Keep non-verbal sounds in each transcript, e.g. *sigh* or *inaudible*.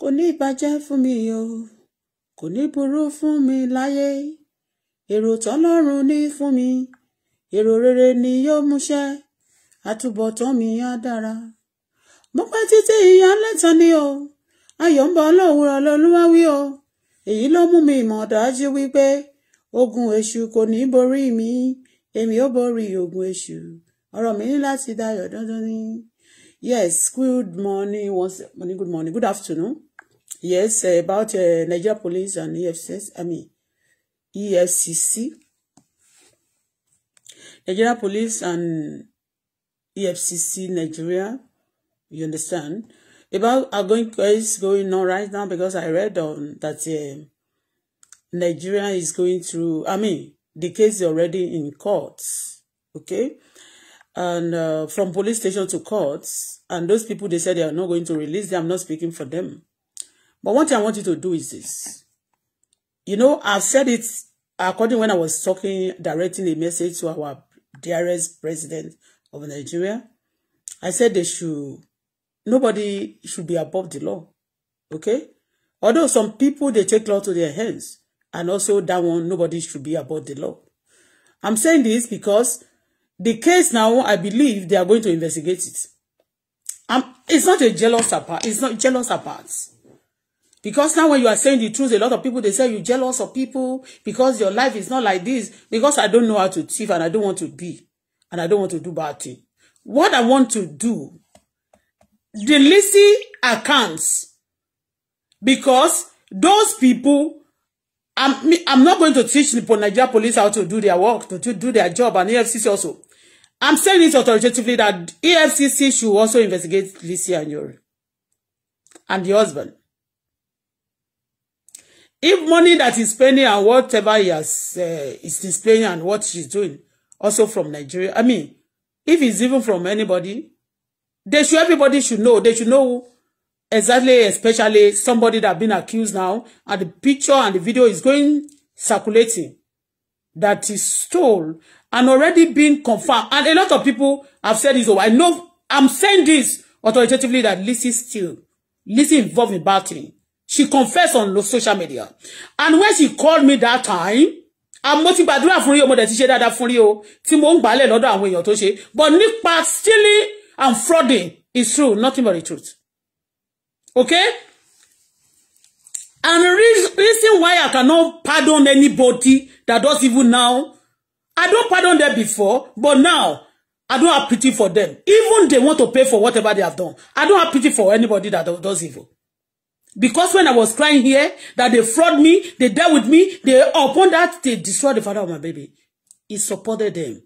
kò ní ìbàjẹ́ fún mi o kò ní burú fún mi láyé èrò tọ́lọ́run ní fún mi èrò rere ni yóò múṣẹ àtúbọ̀tán mi á dára mo pẹ́ títí ìyá lẹ́tàn ni o ayọ̀ ń bọ̀ lówùúrọ̀ lọ́lúwáwí o èyí ló mú mi mọ̀ dájú wípé ogun èṣù kò ní borí mi èmi ó borí ogun èṣù ọ̀rọ̀ mi ní láti dayọ̀ dandan ni yes good morning once morning, good morning good afternoon Yes, eh, about uh, eh, Niger Police and EFCC. I mean, EFCC. Nigeria Police and EFCC e e Nigeria, you understand? About are going case going on right now because I read on that uh, Nigeria is going through. I mean, the case is already in courts. okay, and uh, from police station to courts, and those people they said they are not going to release them. I'm not speaking for them. But one thing I want you to do is this. You know, I've said it according when I was talking, directing a message to our dearest president of Nigeria. I said they should, nobody should be above the law. Okay? Although some people, they take law to their hands. And also that one, nobody should be above the law. I'm saying this because the case now, I believe they are going to investigate it. Um, it's not a jealous apart. It's not jealous apart. Because now when you are saying the truth, a lot of people, they say you're jealous of people because your life is not like this. Because I don't know how to achieve and I don't want to be. And I don't want to do bad thing. What I want to do, the accounts. Because those people, I'm, I'm not going to teach the Nigeria police how to do their work, to, to do their job, and EFCC also. I'm saying it authoritatively that EFCC should also investigate and Anjorin and the husband. If money that he's spending and whatever he has uh, is displaying and what she's doing, also from Nigeria, I mean, if it's even from anybody, they should everybody should know. They should know exactly, especially somebody that been accused now, and the picture and the video is going circulating that is stole and already been confirmed. And a lot of people have said this. Oh, I know I'm saying this authoritatively that this is still this is involved in battling. She confessed on social media. And when she called me that time, I'm ti gbàdúrà fún rí ọmọ dẹ̀ ti ṣe dáadáa fún rí o tí mò ń gbàálẹ̀ lọ́dọ̀ àwọn But Nick ṣe stealing and frauding is true nothing but the truth okay and the reason why I cannot pardon anybody that does evil now I don't pardon them before but now I don't have pity for them even they want to pay for whatever they have done I don't have pity for anybody that does evil Because when I was crying here, that they fraud me, they dealt with me, they upon that, they destroyed the father of my baby. He supported them.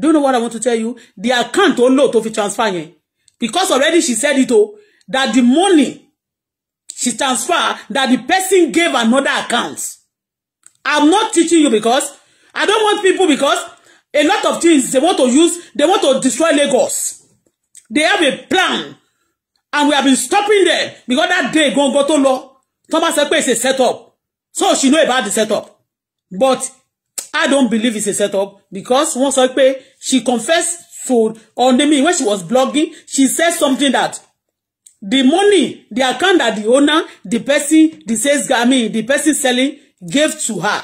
Do you know what I want to tell you? The account ó lò tó fi transfer Because already she said it o, that the money she transfer, that the person gave another account. I'm not teaching you because I don't want people because a lot of things they want to use, they want to destroy Lagos. They have a plan and we have been stopping there because that day gangan go to law Thomas sọ pé it's a set so she know about the setup. but I don't believe it's a setup because once sọ pé she confessed to me when she was blogging she said something that the money the account that the owner the person the sales guy I mean the person selling gave to her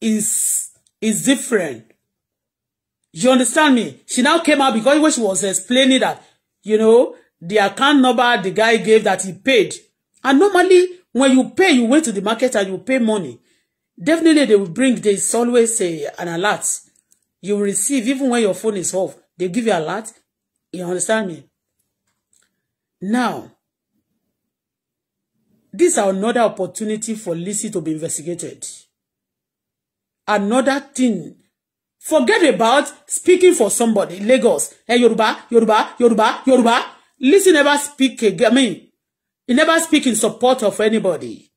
is is different you understand me she now came out because when she was explaining that you know the account number the guy gave that he paid. And normally, when you pay, you went to the market and you pay money. Definitely, they will bring, there's always a, an alert. You will receive, even when your phone is off, they give you alert. You understand me? Now, this is another opportunity for Lizzy to be investigated. Another thing Forget about speaking for somebody. Lagos. Hey, Yoruba, Yoruba, Yoruba, Yoruba. Lizzy never speak again. I mean, he never speak in support of anybody.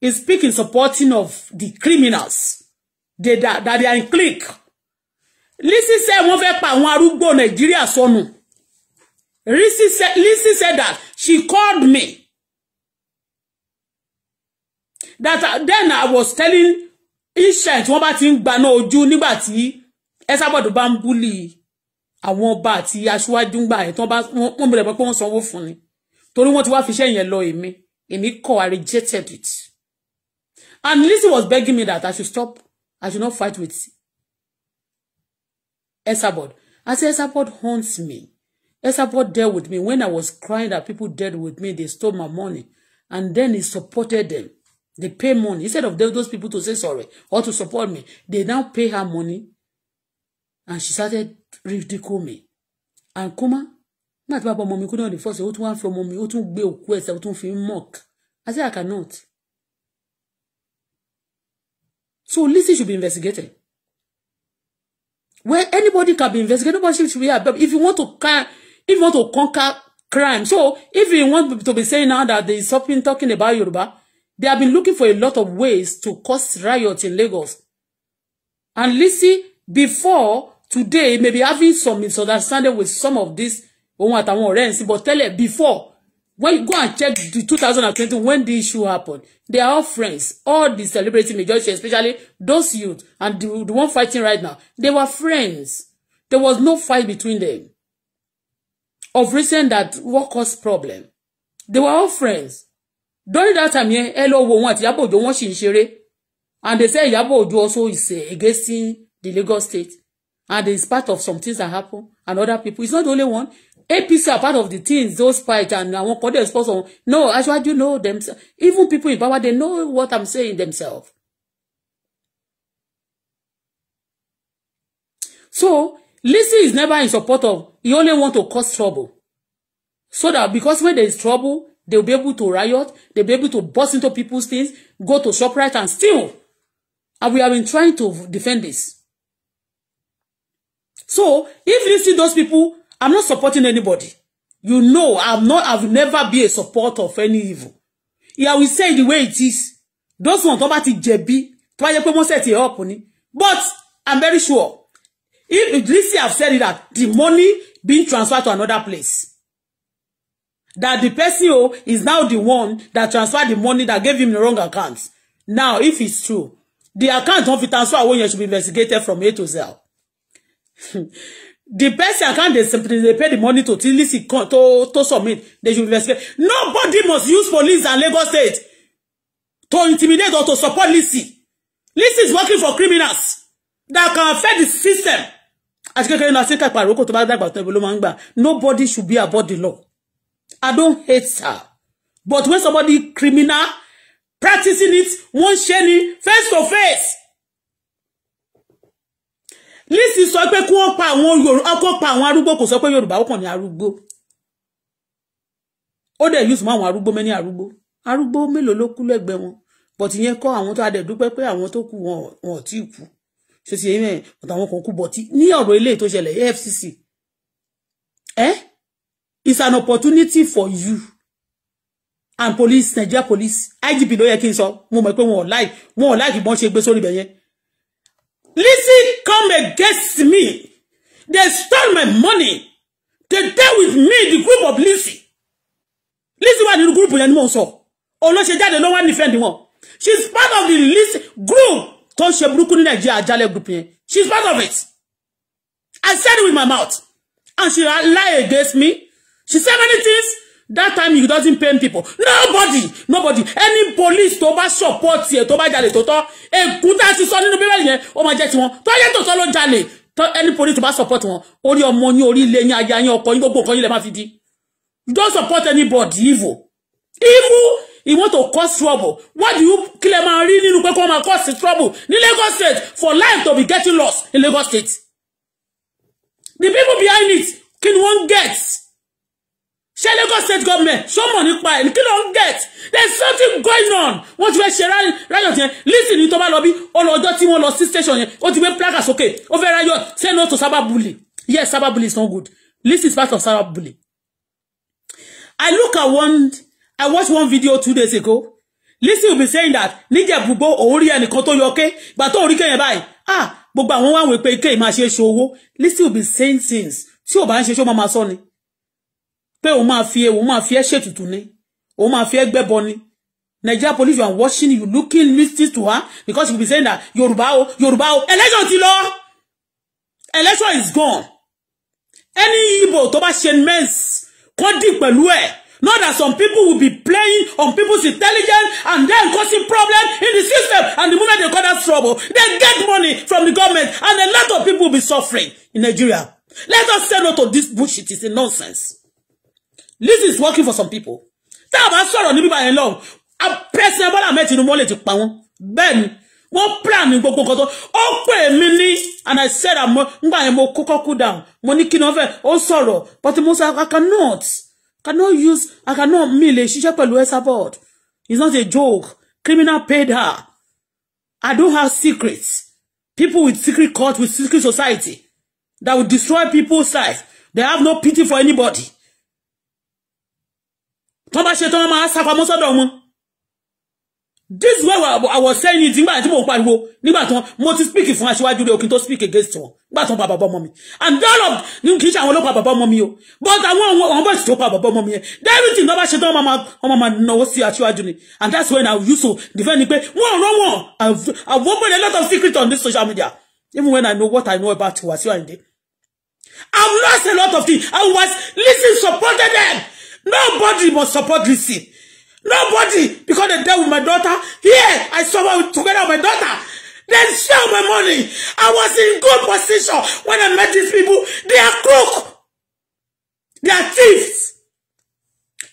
He speak in supporting of the criminals. They, that, that they are in clique. Lizzy said wọ́n fẹ́ pa àwọn arúgbó Nàìjíríà sọnù. Lizzy said, Lizzy said that she called me. That uh, then I was telling Isha tí wọ́n bá ti ń gbaná ojú nígbà tí Esabod bá àwọn ọba àti aṣíwájú ńgbà ẹ̀ tán bá wọ́n bẹ̀rẹ̀ pé wọ́n sanwó fún ni torí wọ́n ti wá fiṣẹ́ yẹn lọ èmi èmi kọ̀ I rejected it and Lizzy was begging me that I should stop I should not fight with Esabod I say Esabod haunts me Esabod dealt with me when I was crying that people dead with me they stole my money and then he supported them they pay money instead of those people to say sorry or to support me they now pay her money and she started ridicule me and Kuma, nígbà tí bàbá ọmọ mi kú náà ní fọ́ọ̀sì ó tún wá ń fi ọmọ mi ó tún gbé òkú ẹ̀sẹ̀ fi mock I say I cannot so Lizzy should be investigated where anybody can be investigated nobody should be above if you want to can if you want to conquer crime so if you want to be saying now that they stop something talking about Yoruba they have been looking for a lot of ways to cause riot in Lagos and Lizzy before today he may be having some misunderstanding with some of these òun àtàwọn ọ̀rẹ́ ẹ̀ sí but tẹ́lẹ̀ before when you go and check the two thousand and twenty when the issue happened they are all friends all the celebrity majority especially those youth and the, the one fighting right now they were friends there was no fight between them of reason that what cause problem they were all friends during that time yẹn ẹ lọ wo wọn àti Ìyábọ̀ Òjó wọn sì ń ṣeré and they say Ìyábọ̀ Òjó also is uh, against the Lagos state and it's part of some things that happen and other people it's not the only one APC are part of the things those fight and I won't call them dey on. no actually you know them. even people in power they know what I'm saying themselves so Lizzy is never in support of he only want to cause trouble so that because when there is trouble they'll be able to riot they'll be able to bust into people's things go to shop right and steal and we have been trying to defend this So if you see those people, I'm not supporting anybody. You know, I'm not, I've never be a supporter of any evil. Yeah, we say the way it is. Those ones tó bá JB, jẹ̀bi, tó bá jẹ́ pé wọ́n set it up ni. But I'm very sure. If you see, I've said it that the money being transferred to another place. That the person who oh, is now the one that transferred the money that gave him the wrong account. Now, if it's true, the account of the transfer owó yẹn should be investigated from A to Z the person can, they, they pay the money to Tilisi to, to submit, the should investigate. Nobody must use police and Lagos State to intimidate or to support Lisi. Lisi is working for criminals that can affect the system. Àti kékeré náà ṣe kápá àrókò tó bá dàgbà tó Nobody should be above the law. I don't hate her. But when somebody criminal practicing it, won't ṣe ni face to face. Lizzy sọ pé kí wọ́n pa àwọn Yorùbá kó pa àwọn arúgbó kò sọ pé Yorùbá ó kàn ní arúgbó ó dẹ̀ use mọ́ àwọn arúgbó mẹ́ni arúgbó arúgbó mélòó ló kú lẹ́gbẹ̀ẹ́ wọn but ìyẹn kọ́ àwọn tó adẹ̀ dúpẹ́ pé àwọn tó kù wọn ò tí kú ṣe ti yẹn mẹ́rin but àwọn kan kú but ní ọ̀rọ̀ ilé tó ṣẹlẹ̀ EFCC ẹ́ eh? it's an opportunity for you and police Nigeria police IGP ló yẹ kí n sọ mo mọ̀ pé wọn ò láì wọn ò láì kí wọ́n ṣe gbé sórí ibẹ̀ yẹn Listen, come against me. They stole my money. They dealt with me, the group of Lizzy. Lizzy wà the group yẹn so mò ń she Olóṣè jáde one defend nífẹ̀ẹ́ wọn. She's part of the Lizzy group tó ń ṣe burúkú ní Nàìjíríà àjálẹ̀ group yẹn. She's part of it. I said it with my mouth. And she lied against me. She said many things that time you doesn't pay people nobody nobody any police tó bá support ẹ tó bá jalè tó tọ́ èkú tá a ti sọ nínú bíbélì yẹn ó máa jẹ́ tiwọn tó yẹ tó tọ́ any police tó bá support won. orí ọmọ yín orí ilé yín aya yín ọkọ yín gbogbo nǹkan yín lè má fi di you don't support anybody evil evil He want to cause trouble what do you kí lè máa rí nínú pé kó máa cause trouble ní Lagos state for life to be getting lost in Lagos state the people behind it can one wọ́n get ṣé Lagos state government ṣó mọ̀ nípa ẹ̀ kí ló ń get there's something going on wọ́n ti fẹ́ ṣe riot yẹn listen ní tó bá lọ bí ọlọ́jọ́ tí wọ́n lọ sí station yẹn ó ti gbé placa sókè ó fẹ́ riot say no to cyber yes cyber is not good this is part of cyber I look at one I watched one video two days ago Lizzy will be saying that níjẹ̀bùgbó òun rí ẹnìkan tó yọ ké gbà tó rí kéèyàn báyìí ah gbogbo àwọn wá wípé ike ìmáṣe ṣe owó Lizzy will be saying things tí ò bá ń ṣe ṣó máa sọ ni pé òun máa fi òun máa fi ẹ́ ṣètùtù ni òun máa fi ẹ́ gbẹ́bọ ni Nigeria police are watching you looking listening to her because you be saying that Yorùbá o Yorùbá o election ti lọ election is gone any Igbo tó bá ṣe mess kó dì pẹ̀lú ẹ̀ not that some people will be playing on people's intelligence and then causing problems in the system and the moment they cause that trouble they get money from the government and a lot of people will be suffering in Nigeria let us say no to this bullshit it's a nonsense. This is working for some people tá a bá sọ̀rọ̀ níbí báyẹn lọ president Bọ́lá Ahmed Tinubu lè ti pa wọ́n bẹ́ẹ̀ ni wọ́n plan ní gbogbo nǹkan tó ó pè mí ní and I said am ngbà yẹn mo kọ́kọ́ cool down mo ní kí ni wọ́n fẹ́ ó sọ̀rọ̀ but mo sọ I cannot cannot use I cannot mi lè ṣiṣẹ́ pẹ̀lú ẹ̀sà it's not a joke criminal paid her I don't have secrets people with secret court with secret society that would destroy people's life they have no pity for anybody tán bá ṣe tán wọ́n máa sápamọ́ sọ́dọ̀ wọn this way I was saying it nígbà tí mo ń pariwo nígbà tí wọn mo ti speak fún aṣíwájú rẹ òkè tó speak against wọn nígbà tí wọn pa bàbá ọmọ mi and all of ní kì í ṣe àwọn ló pa bàbá ọmọ mi o but àwọn àwọn bọ́ọ̀sì tó pa bàbá ọmọ mi yẹn everything lọ́ba ṣe tán ọmọ máa náwó sí aṣíwájú ni and that's when I used to defend ni pé wọ́n rán wọn I've opened a lot of secrets on this social media even when I know what I know about Wasiu Ayinde I've lost a lot of things I was listening supported them Nobody must support this thing. Nobody, because they dealt with my daughter. Here, I saw suffer together with my daughter. They share my money. I was in good position when I met these people. They are crook. They are thieves.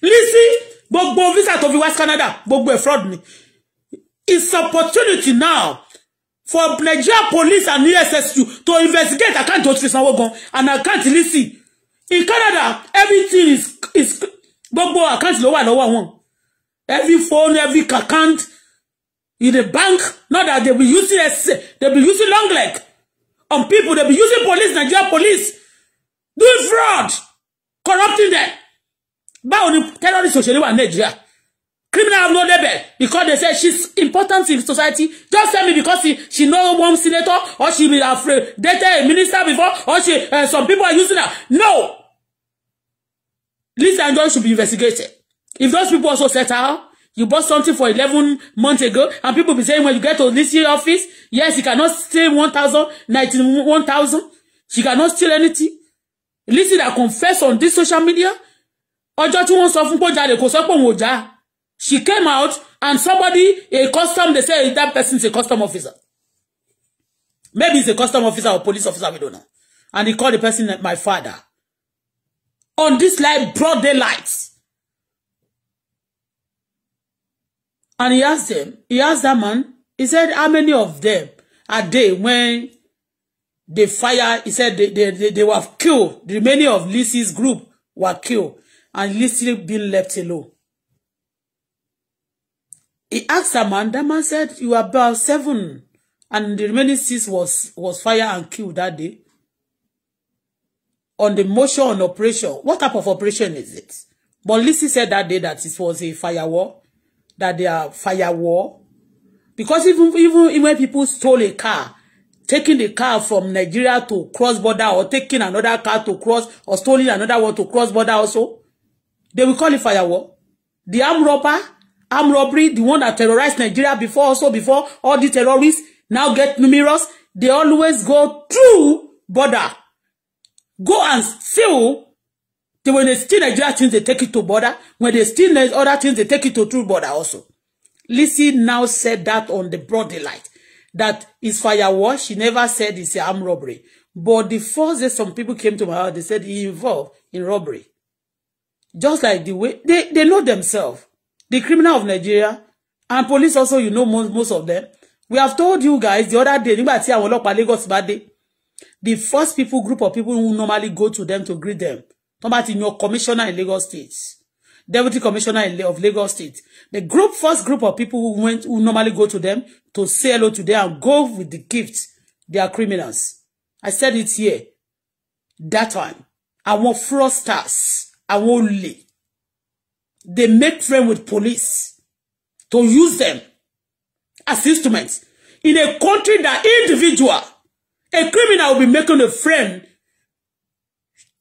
Listen, gbogbo visa to fi wá Canada, gbogbo ẹ̀ fraud me. It's opportunity now for Nigeria police and ESSU to investigate account tó ti sanwó gan and account Lizzy. In Canada, everything is, is gbogbo àkáǹtì ló wà lọ́wọ́ wọn every phone every account in the bank not that they be using they be using long leg on people they be using police Nigeria police doing fraud corrupting them báwo ni terrorist òṣèlú wà Nigeria criminal have no label because they say she's important in society just tell me because she she know one senator or she be afraid dated a minister before or she uh, some people are using her no Liz Anjorin should be investigated. If those people also set out, you bought something for 11 months ago, and people be saying when you get to this office, yes, you cannot steal 1,000, 19, 1,000. She cannot steal anything. Lizzy that confess on this social media. Ọjọ́ tí wọ́n sọ fún kó jáde kò sọ She came out and somebody, a custom, they say that person is a custom officer. Maybe he's a custom officer or police officer, we don't know. And he called the person my father on this light, broad daylight. And he asked them, he asked that man, he said, how many of them are they when the fire, he said they, they, they, they were killed. The many of Lissy's group were killed and Lissy being left alone. He asked a man, that man said, you are about seven and the remaining six was, was fire and killed that day on the motion on operation. What type of operation is it? But Lizzy said that day that it was a fire war, that they are fire war, Because even, even when people stole a car, taking the car from Nigeria to cross border or taking another car to cross or stealing another one to cross border also, they will call it fire war. The armed robber, armed robbery, the one that terrorized Nigeria before also before all the terrorists now get numerous, they always go through border go and steal. They, when they steal Nigeria things, they take it to border. When they steal other things, they take it to true border also. Lizzy now said that on the broad daylight. That is firework. She never said it's armed robbery. But the first day some people came to my house, they said he involved in robbery. Just like the way they, they know themselves. The criminal of Nigeria and police also, you know most, most of them. We have told you guys the other day, nígbà I will not Lagos bá dé the first people group of people who normally go to them to greet them tó bá ti yan commissioner in Lagos State deputy commissioner of Lagos State the group first group of people who went who normally go to them to say hello to them and go with the gift they are criminals I said it here that time àwọn fraudsters want olè they make friends with police to use them as instruments in a country that individual A criminal will be making a friend,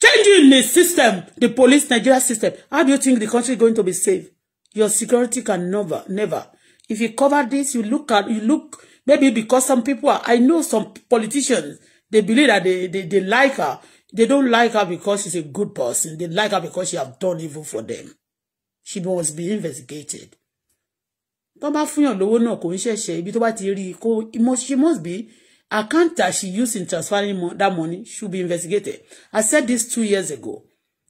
changing the system, the police Nigeria system. How do you think the country is going to be safe? Your security can never, never. If you cover this, you look at, you look, maybe because some people are, I know some politicians, they believe that they, they, they like her. They don't like her because she's a good person. They like her because she has done evil for them. She must be investigated. Tó bá fúnyàn lówó náà kò ń ṣẹ̀ṣẹ̀ ibi tó bá she must be account that she used in transferring mo that money should be investigated. I said this two years ago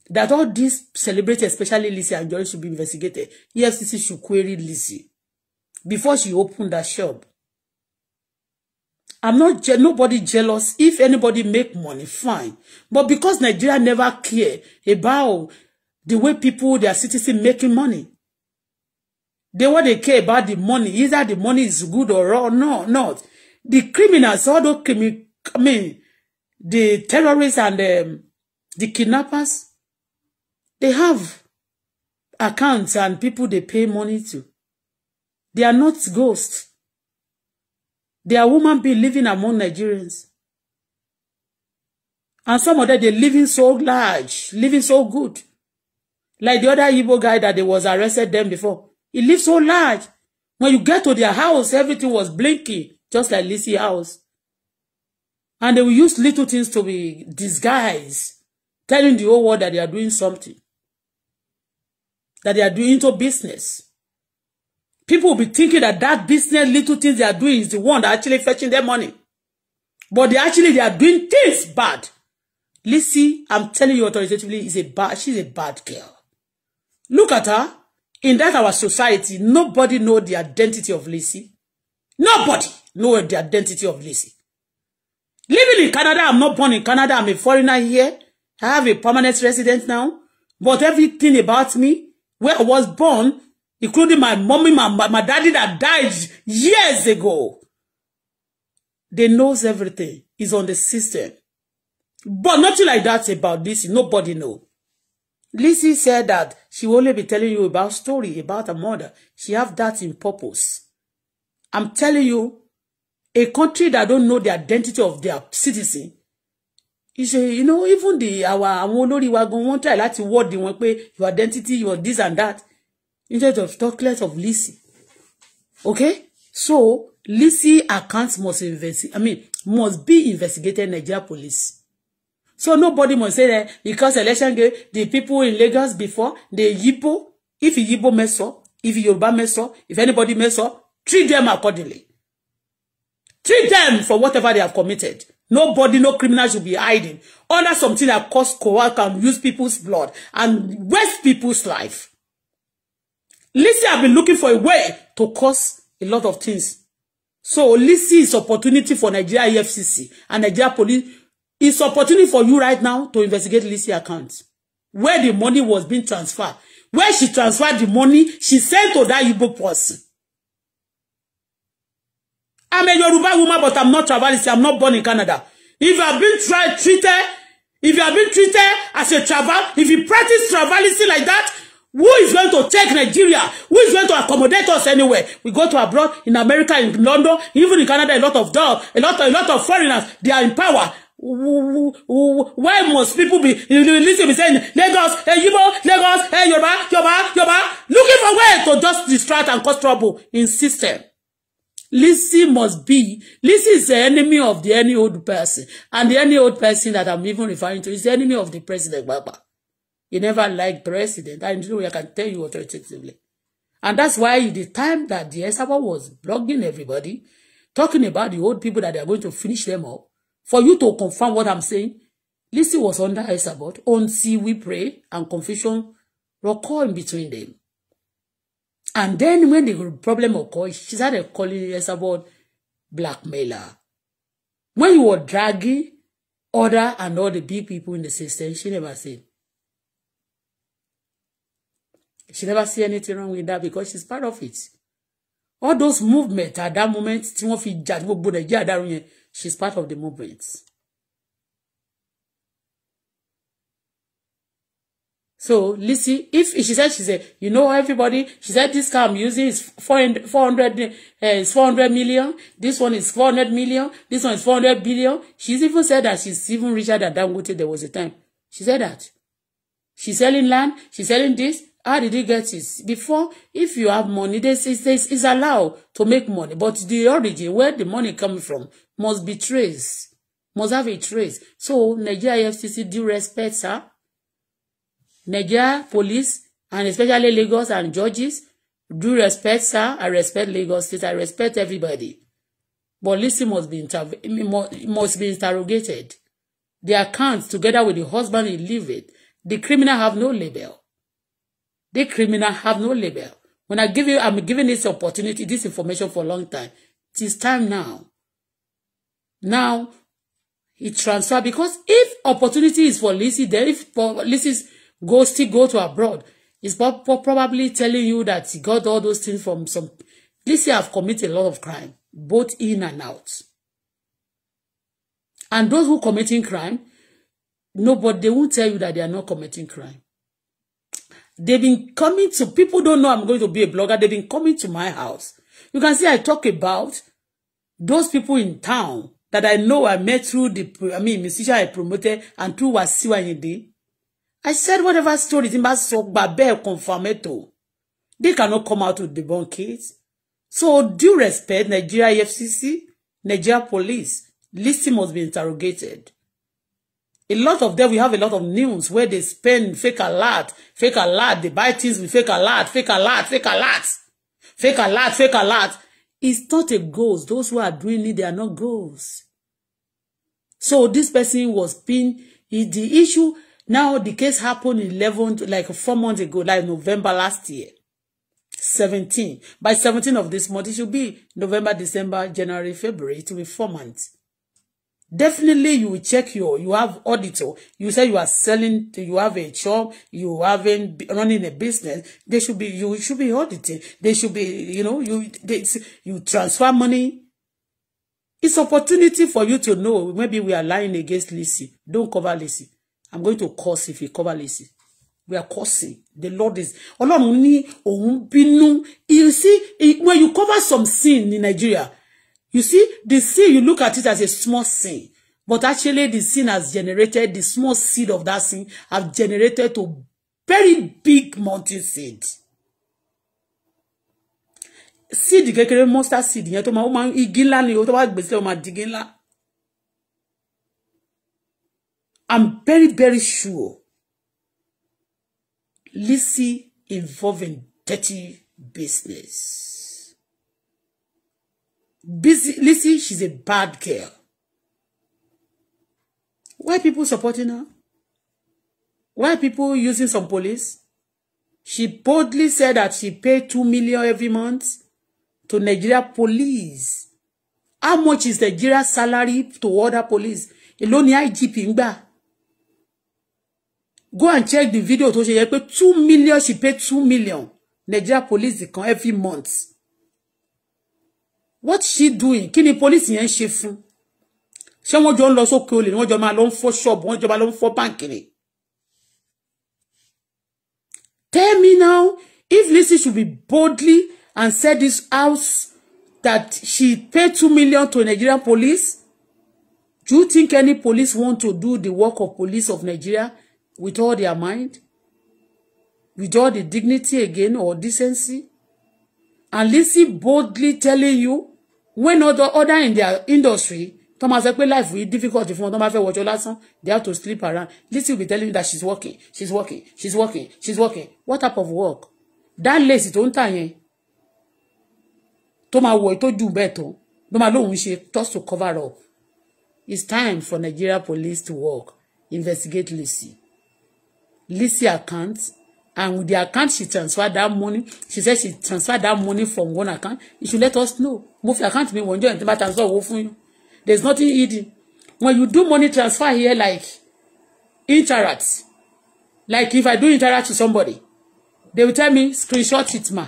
that all these celebrities, especially Lizzie and Joy, should be investigated. EFCC should query Lizzie before she opened that shop. I'm not je nobody jealous. If anybody make money, fine. But because Nigeria never care about the way people, their citizens making money, they what they care about the money, either the money is good or, or no, not the criminals, all those criminals, I mean, the terrorists and the um, the kidnappers, they have accounts and people they pay money to. They are not ghosts. They are women be living among Nigerians. And some of them, they're living so large, living so good. Like the other evil guy that they was arrested them before. He lived so large. When you get to their house, everything was blinking just like Lissy house. And they will use little things to be disguised, telling the whole world that they are doing something, that they are doing into business. People will be thinking that that business, little things they are doing is the one that actually fetching their money. But they actually, they are doing things bad. Lissy, I'm telling you authoritatively, is a bad, she's a bad girl. Look at her. In that our society, nobody know the identity of Lissy. Nobody knows the identity of Lizzy. Living in Canada, I'm not born in Canada. I'm a foreigner here. I have a permanent residence now. But everything about me, where I was born, including my mommy, my, my daddy that died years ago, they knows everything. It's on the system. But nothing like that about this. Nobody know. Lizzie said that she will only be telling you about story about her mother. She have that in purpose. I'm telling you, a country that don't know the identity of their citizen, is a, you know, even the our àwọn olórí wa gan wọ́n try láti word wọn way your identity, your this and that, instead of talkless of Lisi. Okay? So, Lisi accounts must invest, I mean, must be investigated Nigeria police. So nobody must say that because election day, the people in Lagos before, the Yibo, if Yibo mess up, if Yoruba mess up, if anybody mess up, Treat them accordingly. Treat them for whatever they have committed. Nobody, no criminal should be hiding under something that cause coercion can use people's blood and waste people's life. Lizzy have been looking for a way to cause a lot of things. So Lizzy is opportunity for Nigeria EFCC and Nigeria police. It's opportunity for you right now to investigate Lizzy account. Where the money was being transferred. Where she transferred the money she sent to that Igbo person. I'm a Yoruba woman, but I'm not travelist. I'm not born in Canada. If you have been tried, treated, if you have been treated as a travel, if you practice traveling like that, who is going to take Nigeria? Who is going to accommodate us anywhere? We go to abroad, in America, in London, even in Canada, a lot of dogs, a lot, a lot of foreigners, they are in power. Why must people be listen be saying Lagos, hey, Yibo, Lagos, hey, Yoruba, Yoruba, Yoruba, looking for way to just distract and cause trouble in system? Lizzie must be, Lizzie is the enemy of the any old person. And the any old person that I'm even referring to is the enemy of the president, Baba. He never liked president. I know I can tell you authoritatively. And that's why the time that the Esaba was blogging everybody, talking about the old people that they are going to finish them up, for you to confirm what I'm saying, Lizzie was under on until we pray and confession were in between them. And then when the problem occurred, she started calling us about blackmailer. When you were dragging other and all the big people in the system, she never said. She never see anything wrong with that because she's part of it. All those movements at that moment, tí wọ́n fi jà gbogbo Nàìjíríà dàrú yẹn, she's part of the movements. So Lissy, if she said, she said, you know, everybody, she said, this car I'm using is 400, 400 uh, is 400 million. This one is 400 million. This one is 400 billion. She's even said that she's even richer than Dangote. There was a time. She said that. She's selling land. She's selling this. How did he get this? Before, if you have money, this is this is allowed to make money. But the origin, where the money coming from, must be traced. Must have a trace. So Nigeria FCC do respect her. Nigeria police and especially Lagos and judges do respect sir I respect Lagos state I respect everybody but Lizzy must be inter must be interrogated the accounts together with the husband he leave it. the criminal have no label the criminal have no label when I give you I'm giving this opportunity this information for a long time it is time now now it transfer because if opportunity is for Lizzy then if for Lizzy's go still go to abroad is probably telling you that he got all those things from some this year I've committed a lot of crime both in and out and those who committing crime nobody they won't tell you that they are not committing crime they've been coming to people don't know I'm going to be a blogger they've been coming to my house you can see I talk about those people in town that I know I met through the I mean musician I promoted and through Wasiu Ayinde I said whatever story in n bá sọ gbà confirm it too. they cannot come out to debunk it so due respect Nigeria EFCC Nigeria police Lizzy must be interrogated a lot of them we have a lot of news where they spend fake alert fake alert they buy things with fake alert fake alert fake alert fake alert fake alert it's not a ghost those who are doing it they are not ghosts so this person was being the issue Now the case happened 11, like four months ago, like November last year. 17. By 17 of this month, it should be November, December, January, February. It will be four months. Definitely, you will check your, you have auditor. You say you are selling, you have a job, you haven't running a business. They should be, you should be auditing. They should be, you know, you, they, you transfer money. It's opportunity for you to know. Maybe we are lying against Lisi. Don't cover Lisi i'm going to curse if you cover Lizzy we are cursing the lord is Ọlọ́run ní òun bínú you see when you cover some sin in Nigeria you see the sin you look at it as a small sin but actually the sin has generated the small seed of that sin have generated to very big mountain seed seed kékeré monster seed yẹn tó máa igi ńlá ni o tó bá gbèsè ó máa di igi ńlá. I'm very, very sure Lizzy involving dirty business. Busy, Lizzy, she's a bad girl. Why people supporting her? Why people using some police? She boldly said that she paid 2 million every month to Nigeria police. How much is Nigeria's salary to order police? Èló ni IGP ń go and check the video tó ṣe you, pé two million she pay two million Nigeria police kan every month what she doing kí ni police yẹn ṣe fún ṣé wọ́n jọ ń lọ sókè olè ni wọ́n jọ máa lọ ń fọ́ ṣọ́ọ̀bù wọ́n jọ máa lọ ń fọ́ ni tell me now if Lizzy should be boldly and said this house that she paid two million to Nigerian police do you think any police want to do the work of police of Nigeria with all their mind, with all the dignity again or decency, and listen boldly telling you when other other in their industry Thomas máa sọ life with difficult fún wọn tó watch your wọjọ́ lásán they have to sleep around listen will be telling you that she's working she's working she's working she's working what type of work that lace tó ń tà Thomas tó to do better. jù bẹ́ẹ̀ tó ló máa to cover up it's time for Nigeria police to work investigate Lizzy Lizzy account and with the account she transferred that money she said she transferred that money from one account you should let us know Move your account to me one ẹ̀ but bá transfer owó fún yín there nothing hidden when you do money transfer here like interact like if I do interact to somebody they will tell me screenshot it ma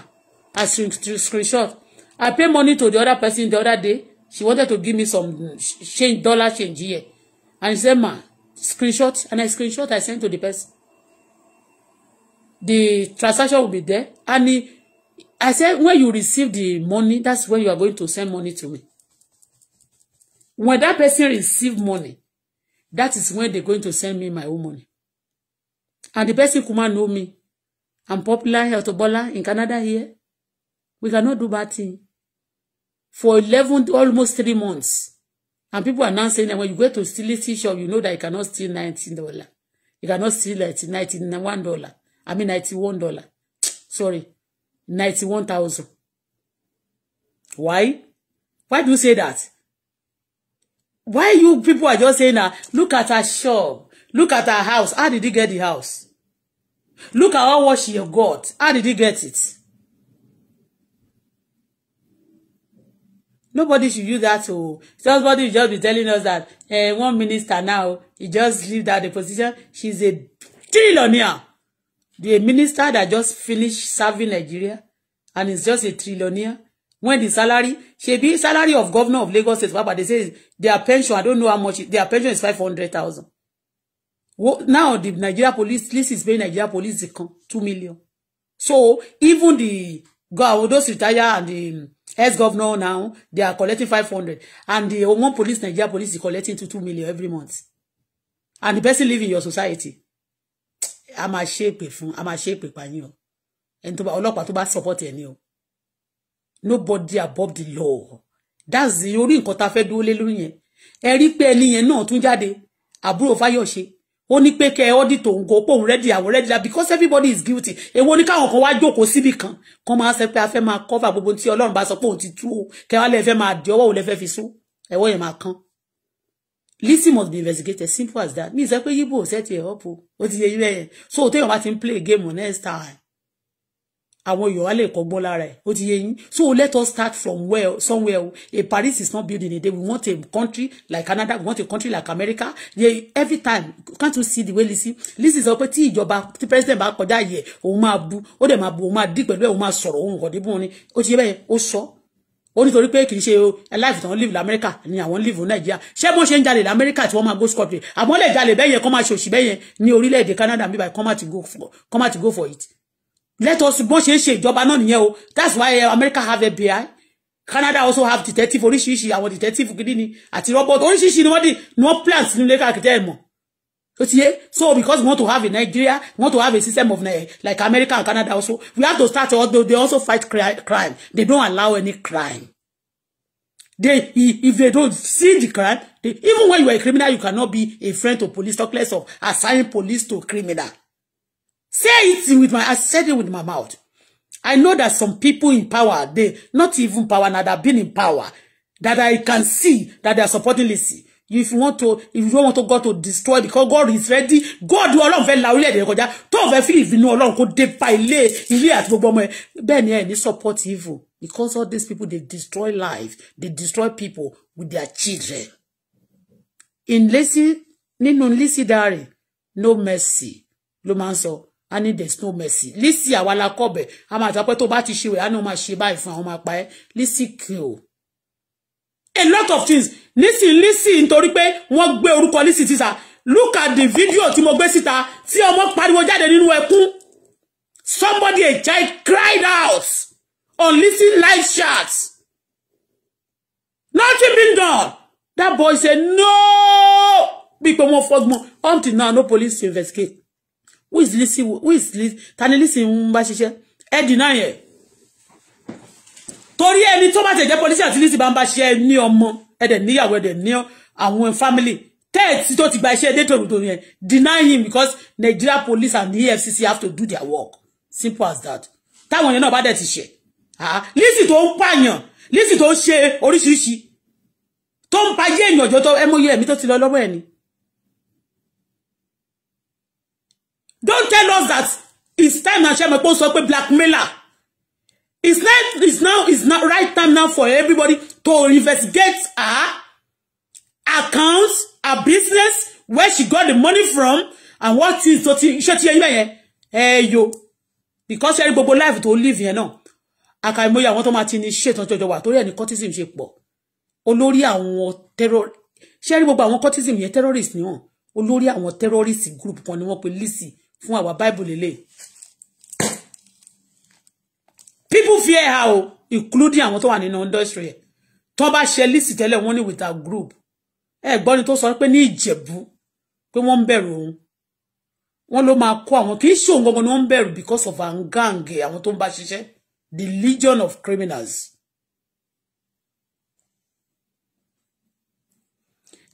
I screenshot I pay money to the other person the other day she wanted to give me some change dollar change here and she said, ma screenshot and I screenshot I sent to the person the transaction will be there and he, I said when you receive the money that's when you are going to send money to me when that person receive money that is when they going to send me my own money and the person kuma know me I'm popular here to Bola in Canada here we cannot do bad thing for eleven almost three months and people are now saying that when you go to steal a t-shirt you know that you cannot steal nineteen dollar you cannot steal ninety one dollar I mean ninety one dollar sorry ninety one thousand why why do you say that why you people are just saying that look at her shop look at her house how did he get the house look at how what she got how did he get it nobody should use that to oh. somebody just be telling us that eh, one minister now he just leave that the position she's a trillionaire The minister that just finished serving Nigeria and it's just a trillionaire. When the salary, she be salary of governor of Lagos State, but they say their pension, I don't know how much, their pension is 500,000. Now the Nigeria police, this is paying Nigeria police 2 million. So even the God, those retire and the ex-governor now, they are collecting 500. And the one police, Nigeria police is collecting to 2 million every month. And the person living in your society a máa ṣe èpè fún a máa ṣe èpè pààyàn o ẹni tó bá ọlọ́pàá tó bá support ẹ̀ ni o nobody above the law that's the orí nǹkan tá a fẹ́ dúró lé lórí yẹn ẹ rí pé ẹni yẹn náà tún jáde àbúrò Fáyọ̀ṣe ó ní pé kẹ ọ́dí tòun kò pòun rẹ́dí àwọn rẹ́dí la because everybody is guilty èwo ni káwọn kan wá jókòó síbì kan kan máa sọ pé a fẹ́ máa cover gbogbo tí Ọlọ́run bá sọ pé òun ti tú o kẹ wá lè fẹ́ máa di ọwọ́ òun lè fẹ́ fi sún ẹ̀wọ́ yẹn máa kán Lizzy must be investigated simple as that mi sọ pé yibo set your up o ó ti yẹ yí bẹ́ẹ̀ so téèyàn bá ti ń play game next time àwọn èèyàn á lè kọ́gbọ́n lára ẹ̀ ti yẹ yín so let us start from where somewhere a Paris is not building a day we want a country like Canada we want a country like America yeah, every time can't you see the way Lizzy Lizzy sọ pé tí ìjọba tí president bá kọjá yẹ òun máa bu ó dẹ̀ máa bu òun máa dí pẹ̀lú ẹ̀ òun máa sọ̀rọ̀ òun kò dé ni ó ti yẹ bẹ́ẹ̀ ó ó nítorí pé kì ṣe life tán live lamẹ́ríkà ni àwọn live nàìjíríà ṣé bó ṣe ń jalè lamẹ́ríkà tí wọ́n máa go scot àmọ́ lè jalè bẹ́yẹn kọ́ máa ṣe òṣì bẹ́yẹn ní orílẹ̀-èdè Canada mi by come out go for it let us bó ṣe ń ṣe ìjọba náà nìyẹn o that's why America have FBI Canada also have detective oríṣiríṣi àwọn detective gidi ni àti robot oríṣiríṣi ni wọ́n di ni wọ́n plant nílé káàkiri ẹ̀ mọ̀ So because we want to have a Nigeria, we want to have a system of eh, like America and Canada also, we have to start, although they also fight crime. They don't allow any crime. They, if they don't see the crime, they, even when you are a criminal, you cannot be a friend to police, talk less of assigning police to criminal. Say it with my, I said it with my mouth. I know that some people in power, they, not even power, now they've been in power, that I can see that they are supporting Lissy if you want to if you want to go to destroy because God is ready God ọlọ́run fẹ́ la orílẹ̀-èdè rẹ kọjá tó o fẹ́ fi ìbínú ọlọ́run kó dé pa ilé ilé àti gbogbo ọmọ ẹ bẹ́ẹ̀ support evil because all these people they destroy life they destroy people with their children in Lizzy nínú Lizzy Dare no mercy ló máa ń sọ there is no mercy Lizzy àwa la kọ̀ bẹ̀ a máa tọ́ pé tó bá ti ṣe wẹ̀ á ní wọ́n máa ṣe báyìí fún àwọn máa pa ẹ́ Lizzy kill a lot of things nísìn nísìn nítorí pé wọ́n gbé orúkọ nísìn síta look at the video tí mo gbé síta tí ọmọ pariwo jáde nínú ẹkún somebody a child cried out on listen live chat nothing been done that boy said no bí pé wọ́n until now no police investigate who is listen who is listen tani listen ń bá ṣiṣẹ́ ẹ dìnnà yẹn torí ẹni tó bá ti jẹ́ politician tí Lizzy bá ń bá ṣe ní ọmọ ẹ̀dẹ̀ níyàwó ẹ̀dẹ̀ ní àwọn family tẹ́ẹ̀tì tó ti gba iṣẹ́ détòrò tó yẹn deny him because Nigeria police and the EFCC have to do their work simple as that táwọn yẹn náà bá dẹ̀ ti ṣe Lizzy tó ń pààyàn Lizzy tó ń ṣe oríṣiríṣi tó ń payé èèyàn jọ tó ẹmọye ẹ̀mí tó ti lọ lọ́wọ́ ẹ̀ ni don't tell us that it's time na ṣe mọ̀ pé ó sọ pé blackmailer It's not it's now it's not right time now for everybody to investigate her accounts, her business, where she got the money from, and what is to ṣe ti ẹyin yẹn. yo, because ẹ rí life to live yẹn náà. Àkàìmọye àwọn tó máa ti ní ṣe tán jọjọ wà torí ẹni cultism ṣe pọ̀. Olórí àwọn terror Sherry rí gbogbo àwọn cultism yẹn terrorist ni wọ́n. terrorist group kan ni wọ́n pe Lizzy fún àwa Bible lélẹ̀. people fear her o including àwọn tó wà nínú industry ẹ̀ tó bá ṣe lísì tẹ́lẹ̀ wọ́n ní with her group ẹ gbọ́ ni tó sọ pé ní ìjẹ̀bú pé wọ́n ń bẹ̀rù òun wọ́n ló máa kó àwọn kì í ṣe òun gbogbo ni wọ́n ń bẹ̀rù because of her gang àwọn tó ń bá ṣiṣẹ́ the legion of criminals.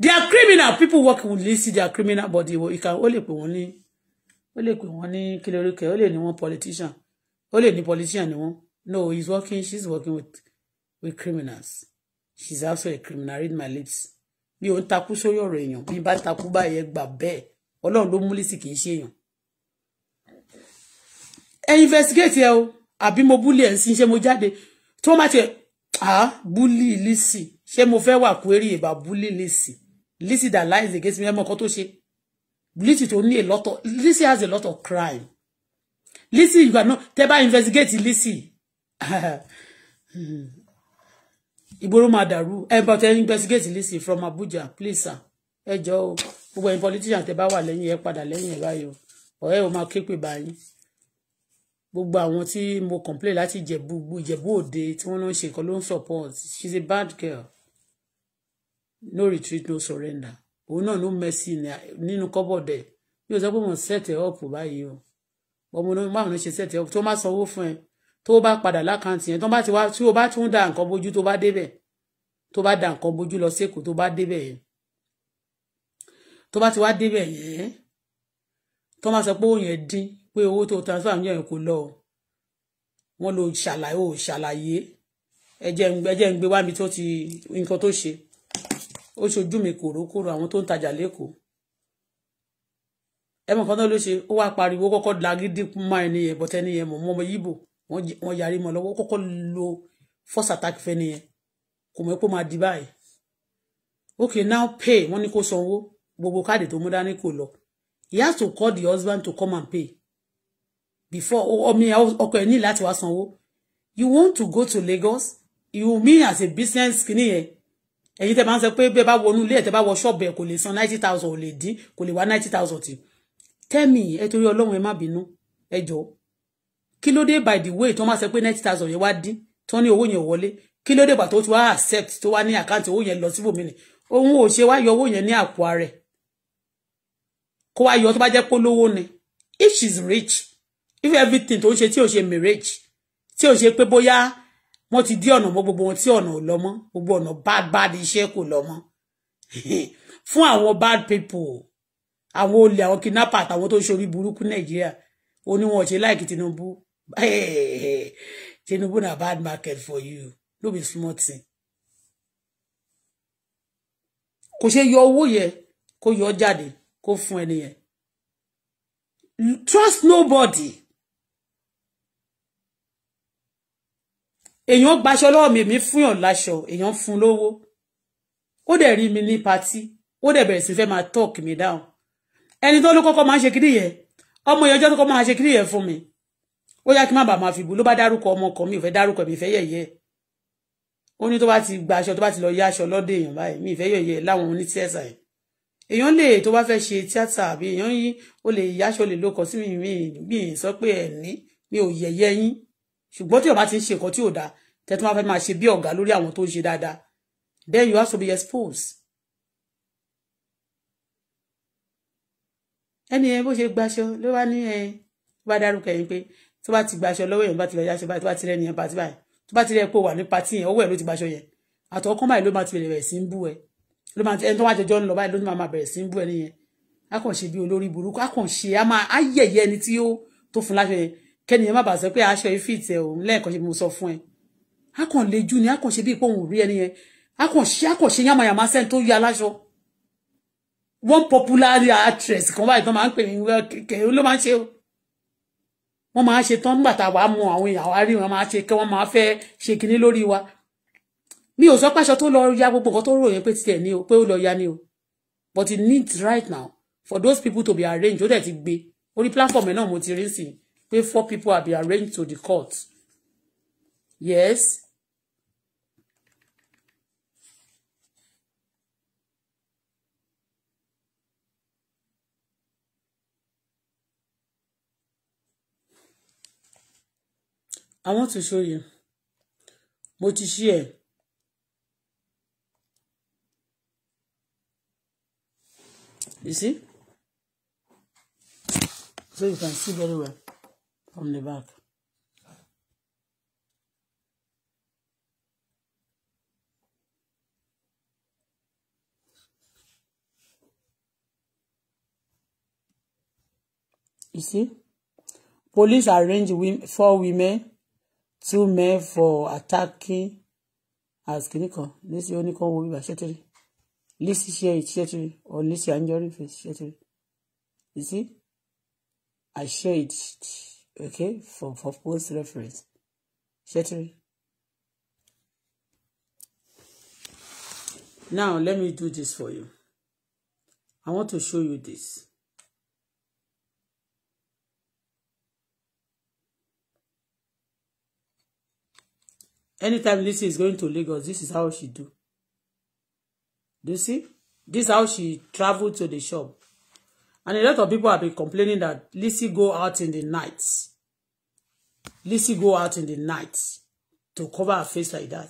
they are criminal people work with lisi they are criminal but they were ikan ó lè pè wọ́n ní ó lè pè wọ́n ní kí lóríkẹ ó lè ní politician ó lè ní politician ni wọ́n No, he's working. She's working with with criminals. She's also a criminal. Read my lips. Mi ò ń takú sórí ọ̀rọ̀ èèyàn. Bí n bá takú báyẹn gbà bẹ́ẹ̀. Ọlọ́run ló mú lísì kì í ṣe èèyàn. investigate ẹ o. Àbí mo búlì ẹ̀ ń sin ṣé mo jáde. Tí wọ́n bá ah bully lísì. She mo fẹ́ wà kúérì ìbá bully lísì? Lísì that lies against me ẹmọ kan tó ṣe. Lísì tó ní a lot of Lísì has a lot of crime. Lísì ìgbà náà tẹ́ bá investigate Lísì ìgboro máa dàrú ẹ bá tẹ investigate lisi from Abuja please sir ẹ jọ o gbogbo ẹ̀yin politician tẹ bá wà lẹ́yìn ẹ padà lẹ́yìn ẹ báyọ ọ̀rẹ́ ò máa ké pè báyìí gbogbo àwọn tí mo complain láti ìjẹ̀bú ìjẹ̀bú òde tí wọ́n náà ṣe nǹkan ló ń support she's a bad girl no retreat no surrender òun náà ló mẹ́sì nínú kọ́bọ̀dẹ̀ mi ò sọ pé mo set ẹ̀ up báyìí o ọmọ náà máa ń ṣe set ẹ̀ up tó má sanwó fún ẹ tó bá padà lákàntì yẹn tó bá ti wá tí o bá tún da nǹkan bójú tó bá débẹ̀ tó bá da nǹkan bójú lọ sí èkó tó bá débẹ̀ yẹn tó bá ti wá débẹ̀ yẹn tó máa sọ pé owó yẹn dín pé owó tó transfer ní yẹn kò lọ wọn lo ṣàlàyé ò ṣàlàyé ẹjẹ ń gbé ẹjẹ ń gbé wá mi tó ti nǹkan tó ṣe ó ṣojú mi kòrókòrò àwọn tó ń tajà lẹ́kọ̀ọ́ ẹmọ kan náà ló ṣe ó wá pariwo kọ́kọ́ dagídí máa ẹni yẹn bọtẹ ẹni yẹn mọ mọ ọmọ yíbò wọ́n yarí mọ́ lọ́wọ́ kọ́kọ́ lo force attack fẹ́ nìyẹn kò mọ̀ pé ó máa di báyìí okay now pay wọ́n ní kó sanwó gbogbo káàdì tó mú dání kò lọ he has to call the husband to come and pay before ọmọ ọkọ ẹ̀ ní láti wá sanwó you want to go to Lagos you mean as a business kìíní yẹn ẹ̀yin tẹ́ bá ń sọ pé bẹ́ẹ̀ bá wọnú ilé ẹ̀ tẹ́ bá wọ ṣọ́ọ̀bù ẹ̀ kò lè san ninety thousand ò lè dín kò lè wá ninety thousand tì tẹ́mì ẹ torí ọlọ́run ẹ má bínú ẹ jọ̀ọ́ kí ló dé by the way tó máa sọ pé ninety thousand yẹn wá dín tó ní owó yẹn wọlé kí ló dé bàtó tó wá accept tó wá ní àkáǹtì owó yẹn lọ síbòmíràn òun ò ṣe wá yọ owó yẹn ní àpò ààrẹ kó wá yọ tó bá jẹ́ polówó ni if she is rich if everything tó ń ṣe tí ò ṣe marriage tí ò ṣe pé bóyá wọ́n ti dí ọ̀nà mọ́ gbogbo wọn tí ọ̀nà ò lọ mọ́ gbogbo ọ̀nà bad bad iṣẹ́ kò lọ mọ́ *laughs* fún àwọn bad people àwọn olè àwọn kidnapper àtàwọn tó ń ṣorí burúkú nàìjíríà ó ní wọn ò ṣe láìkì tinubu Hey, tinubu na bad market for you no be smart, thing kò ṣe yọ owó yẹ kó yọ jáde kó fún ẹni trust nobody èèyàn gbaṣọ me me èmi fún lasho. láṣọ èèyàn fún lówó ó dẹ̀ rí mi ní patí ó dẹ̀ bẹ̀rẹ̀ sí fẹ́ máa talk me down ẹni tó ló kọ́kọ́ máa ń ṣe kiri yẹn ọmọ ìyọjọ́ tó kọ́ máa ṣe kiri yẹn ó yá kí má bàa máa fi bu ló bá dárúkọ ọmọ kan mi ò fẹ́ dárúkọ mi ìfẹ́ yẹ̀yẹ́ ó ní tó bá ti gba aṣọ tó bá ti lọ yá aṣọ lọ́dọ̀ èèyàn báyìí mi ìfẹ́ yẹ̀yẹ́ láwọn oní tíátà èèyàn lè tó bá fẹ́ ṣe tíátà àbí èèyàn yí ó lè yáṣọ lè lókọ sí mi mi sọ pé ẹ̀ mi ò yẹ̀yẹ́ yín ṣùgbọ́n tí o ti ń ṣe nǹkan tí ò dáa tẹ́tí máa fẹ́ máa ṣe bí ọ̀gá lórí àwọn tó ń ṣe dáadáa then you have be exposed. ẹni yẹn bó ṣe gbaṣọ ló wá ní ẹ bá dárúkọ yín pé tó bá ti gbaṣọ lọ́wọ́ èèyàn bá ti lọ yáṣọ báyìí tó bá ti rẹ nìyẹn pàtí báyìí tó bá ti rẹ pé wà ní pàtí yẹn ọwọ́ ẹ̀ ló ti gbaṣọ yẹn àtọkùn báyìí ló máa ti bẹ̀rẹ̀ sí ń bú ẹ ló máa ẹni tó wá jọjọ ń lọ báyìí ló máa bẹ̀rẹ̀ sí ń bú ẹ nìyẹn a kàn ṣe bí olórí burúkú a kàn a máa ayẹyẹ ẹni tí ó tó fún láṣọ yẹn kẹ́niyẹn má bàa sọ pé aṣọ ifi ìtẹ̀ òun lẹ́ẹ̀kan ṣe bí mo sọ fún ẹ a kàn le jù ni a kàn ṣe bí ìpòhùn rí ẹni yẹn a kàn ṣe a kàn ṣe yàmàyàmà sẹ́ni tó yá láṣọ one popular actress kan báyìí tó máa ń pè ní kẹ̀kẹ́ ló máa ń ṣe o wọ́n máa ń ṣe tán nígbà tá a wàá mọ àwọn ìyàwó àárín wọn máa ṣe kí wọ́n máa fẹ́ ṣe kinní lórí wa mi ò sọ pàṣọ tó lọ ya gbogbo nǹkan tó ròyìn pé tiẹ̀ ni o pé ó lọ ya ni o but it needs right now for those people to be arranged ó dẹ̀ ti gbé orí platform ẹ̀ náà mo ti rí sí pé four people have been arranged to the court yes I want to show you mo ti ṣí you see so you can see very well from the back. You see, police arrange women, four women two men for attacking as kìnnìkan Lizzy oníkan wo bíbá ṣẹtìrì Lizzy share it ṣẹtìrì or Lizzy anjọrí face ṣẹtìrì you see I share it okay for for post reference ṣẹtìrì. Now let me do this for you. I want to show you this. anytime Lizzy is going to Lagos this is how she do do you see this is how she travel to the shop and a lot of people have been complaining that Lizzy go out in the night Lizzy go out in the night to cover her face like that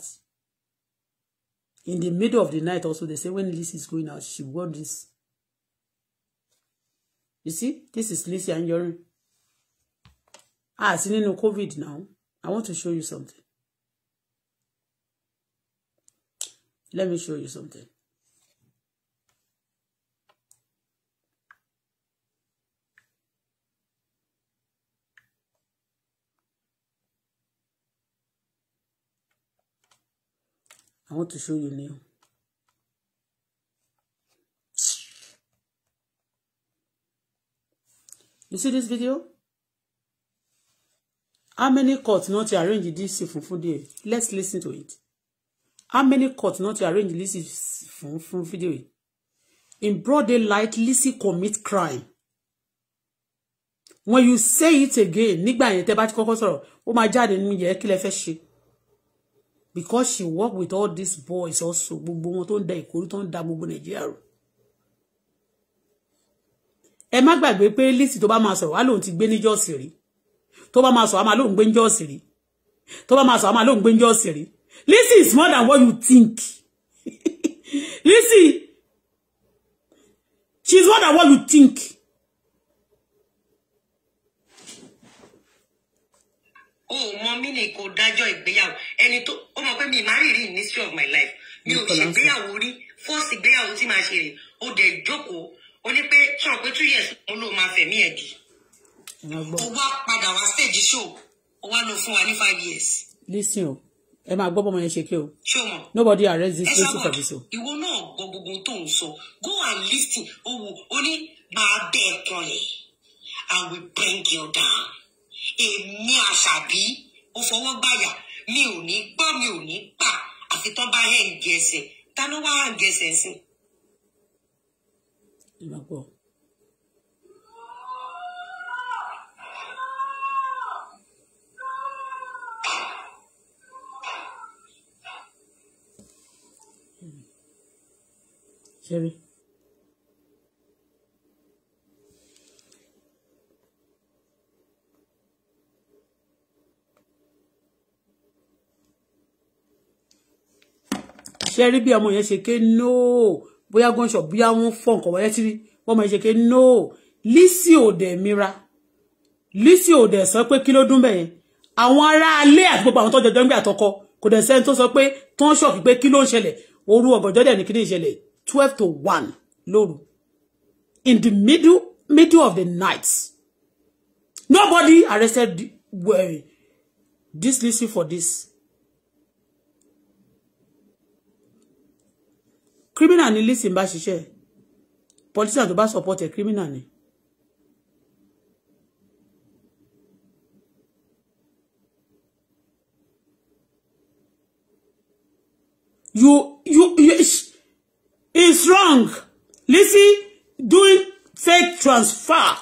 in the middle of the night also they say when Lizzy is going out she wore this you see this is Lizzy Anjorin ah see no COVID now I want to show you something Let me show you something. I want to show you new. You see this video? How many courts not to arrange this for food there? Let's listen to it how many courts not to arrange Lizzy from from video in broad daylight Lizzy commit crime when you say it again nígbà yẹn tẹ́ bá ti kọ́kọ́ sọ̀rọ̀ ó máa jáde nínú yẹ kí lẹ fẹ́ because she work with all these boys also gbogbo wọn tó ń da ìkórí tó ń da gbogbo nàìjíríà rò ẹ má gbàgbé pé Lizzy tó bá máa sọ̀rọ̀ wá lòun ti gbé níjọ́sì rí tó bá máa sọ̀rọ̀ wá máa lòun gbé níjọ́sì rí tó bá máa sọ̀rọ̀ wá máa lòun Lizzy is more than what you think. *laughs* Lizzy, she's more than what you think. Oh, mommy, mí ni kò dájọ́ ìgbéyàwó ẹni tó ó mọ pé mi máa ń rí history of my life mi ò ṣe ìgbéyàwó rí fọ́ọ̀sì ìgbéyàwó tí màá ṣe rè ó dẹ̀ jókòó ó ní pé sọ pé two years mo ló máa fẹ̀mí ẹ̀ dì ó wá padà wá stage show ó wá lọ fún wa ní five years. listen oh ẹ máa gbọ́ bọ́mọ yẹn ṣe ké o nobody arrest this person for this o. ìwọ náà gbọ́ gbogbo tó ń sọ go and lis ten owó oní máa bẹ́ẹ̀ kan lẹ̀ and we bring you down èmi àṣàbí ó fọwọ́ gbàyà mi ò ní gbọ́ mi ò ní gbà àfi tán bá hẹ́ǹgì ẹsẹ̀ ta ló wá hẹ́ǹgì ẹsẹ̀ sí. ìgbàgbọ́. fẹ́rẹ́. ṣe rí bí ọmọ yẹn ṣe ké nóò bóyá gọ́ńṣọ̀ bóyá wọ́n fọ́ nǹkan wọ́n yẹn ti rí wọ́n mọ̀ yẹn ṣe ké nóò Lizzy ò mira Lizzy ò dẹ̀ sọ pé kí ló dún bẹ̀yẹn àwọn aráalé àti gbogbo àwọn tó jọjọ ń gbé àtọkọ kò dẹ̀ sẹ́ni tó sọ pé tó ń ṣọ̀kì pé kí ló ń ṣẹlẹ̀ orú ọ̀gànjọ́ dẹ̀ ní kí ní ìṣẹ̀lẹ̀ yìí twelve to one lóru in the middle middle of the night nobody arrested the, well, eh, this Lizzy for this. criminal ni Lizzy ń bá ṣiṣẹ́ politician tó bá support ẹ̀ criminal ni. you you you is wrong. Lizzy doing fake transfer.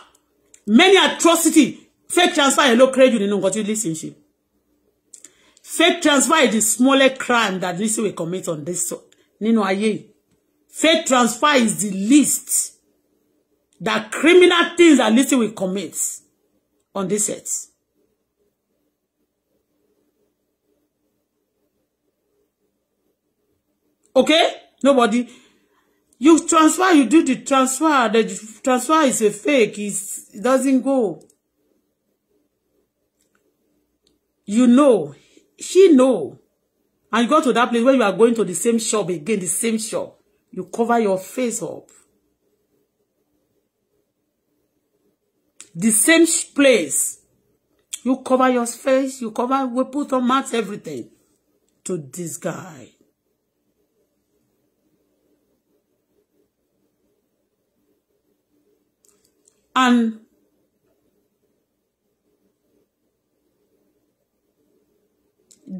Many atrocity. Fake transfer yẹn ló kéré jù nínú nǹkan tí Lizzy ń Fake transfer is the smallest crime that Lizzy will commit on this nínú ayé. Fake transfer is the least that criminal things that Lizzy will commit on this set. Okay? Nobody. You transfer, you do the transfer. The transfer is a fake. It's, it doesn't go. You know. She know. And you go to that place where you are going to the same shop again, the same shop. You cover your face up. The same place. You cover your face, you cover, we put on masks, everything. To this guy. and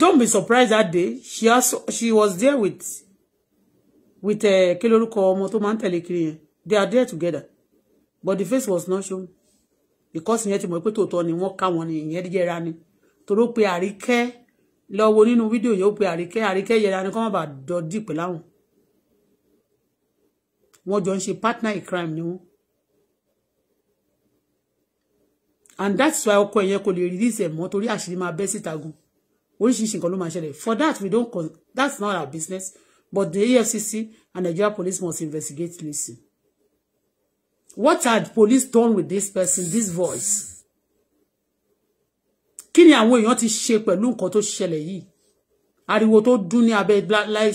don't be surprised that day she also she was there with with uh, kí lorúkọ ọmọ they are there together but the face was not shown because ìyẹn ti mọ̀ pé tòótọ́ ni wọ́n ká wọn ni ìyẹn yẹra ni torí ó pe àríkẹ́ lọ́wọ́ nínú fídíò yẹn ó pe àríkẹ́ àríkẹ́ yẹra ni kọ́ má bàa dọ̀dí pẹ̀láwọn wọ́n jọ ń ṣe partner in crime ni wọ́n and that's why ọkọ yẹn kò lè release ẹ̀ mọ́ torí àṣírí máa bẹ́ síta gan oríṣiríṣi nǹkan ló máa ṣẹlẹ̀ for that we don't that's not our business but the EFCC and Nigeria police must investigate Lizzy what had police done with this person this voice kí ni àwọn èèyàn ti ṣe pẹ̀lú nǹkan tó ṣẹlẹ̀ yìí ariwo tó dún ní abẹ́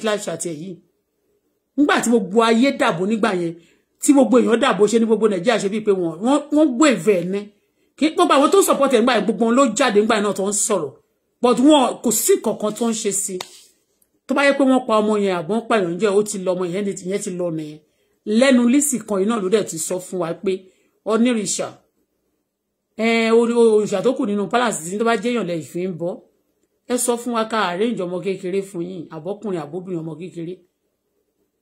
láìsí àti èyí nígbà tí gbogbo ayé dàbò nígbà yẹn tí gbogbo èèyàn dàbò ṣe ní gbogbo nàìjíríà ṣe bíi pé wọ́n wọ́n gbé ìfẹ́ ní kí gbogbo àwọn tó support ẹ̀ ńgbà gbogbo wọn ló jáde ńgbà náà tó but wọn kò sí kankan tó ń ṣe sí tó bá yẹ pé wọ́n pa ọmọ yẹn àbọ̀n pààyàn jẹ́ ó ti lọ ọmọ yẹn yẹn ti lọ nìyẹn lẹ́nu lísì kan iná ló dẹ̀ ti sọ fún wa pé onírìṣà òrìṣà tó kù nínú palace tí tó bá jẹ́yàn lẹ́yìn fi ń bọ́ ẹ sọ fún wa ká arrange ọmọ kékeré fún yín àbọ́kùnrin àbóbìnrin ọmọ kékeré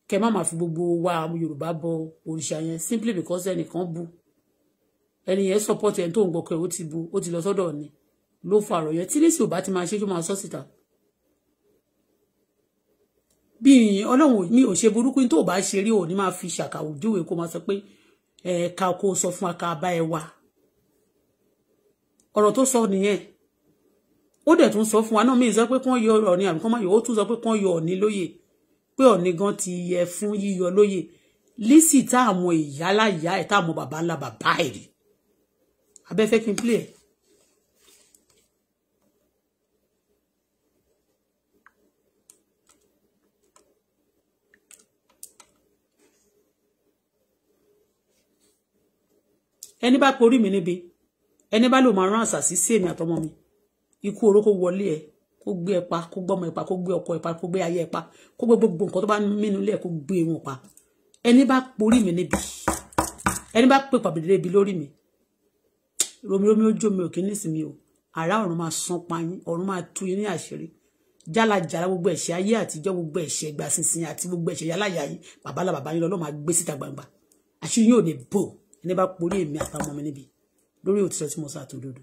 kẹ má máa fi gbogbo wa Yorùbá bọ òrìṣà yẹn simply because ẹnìkan bu ẹni yẹn support ẹni tó ń gbọkọ ó ti bu ó ti lọ sọ́dọ̀ ni ló fa ọ̀rọ̀ yẹn tí lẹsì ò bá ti máa ṣe tó máa sọ síta bí ọlọ́run mi ò ṣe burúkú tó bá ṣe rí òní máa fi ṣàkàwò díwè kó máa sọ pé ẹ ká kó sọ fún wa ká bá ẹ wá ọ̀rọ̀ tó sọ nìyẹn ó dẹ̀ tún sọ fún wa náà míì sọ pé kán yọ ọ̀ní àbí kán má yọ ó tún sọ pé kán yọ ọ̀ní lóyè pé ọ̀ní gan ti yẹ fún yíyọ lóyè lísì tá àmọ́ ìyá láyà ẹ̀ tá àmọ́ bàbá ńlá bàbá ẹ̀ rí abẹ́fẹ́ kí n play ẹ̀. ẹni bá porí mi níbi ẹni bá lò máa rán àṣà sí sí èmi àtọmọ mi ikú oró kó wọlé ẹ kó gbé ẹpa kó gbọmọ ẹpa kó gbé ọkọ ẹpa kó gbé ayé ẹpa kó gbogbo nǹkan tó bá mínú lẹ kó gbé wọn pa ẹni bá porí mi níbi ẹni bá pè pàbílẹ̀ ibi lórí mi Romi ojú mi ò kí ní ìsinmi o àrá ọ̀run máa san payín ọ̀run máa tú yín ní jala jálajàla gbogbo ẹ̀ṣẹ̀ ayé àtijọ́ gbogbo ẹ̀ṣẹ̀ ìgbà sísìn àti gbogbo ẹ̀ṣẹ̀ yálàyà yìí bàbá la bàbá yín lọ́lọ́ máa gbé síta gbangba àṣírí yóò ní bò ẹni bá porí èmi àtàwọn ọmọ mi níbi lórí òtítọ́ tí mo sá tó dodo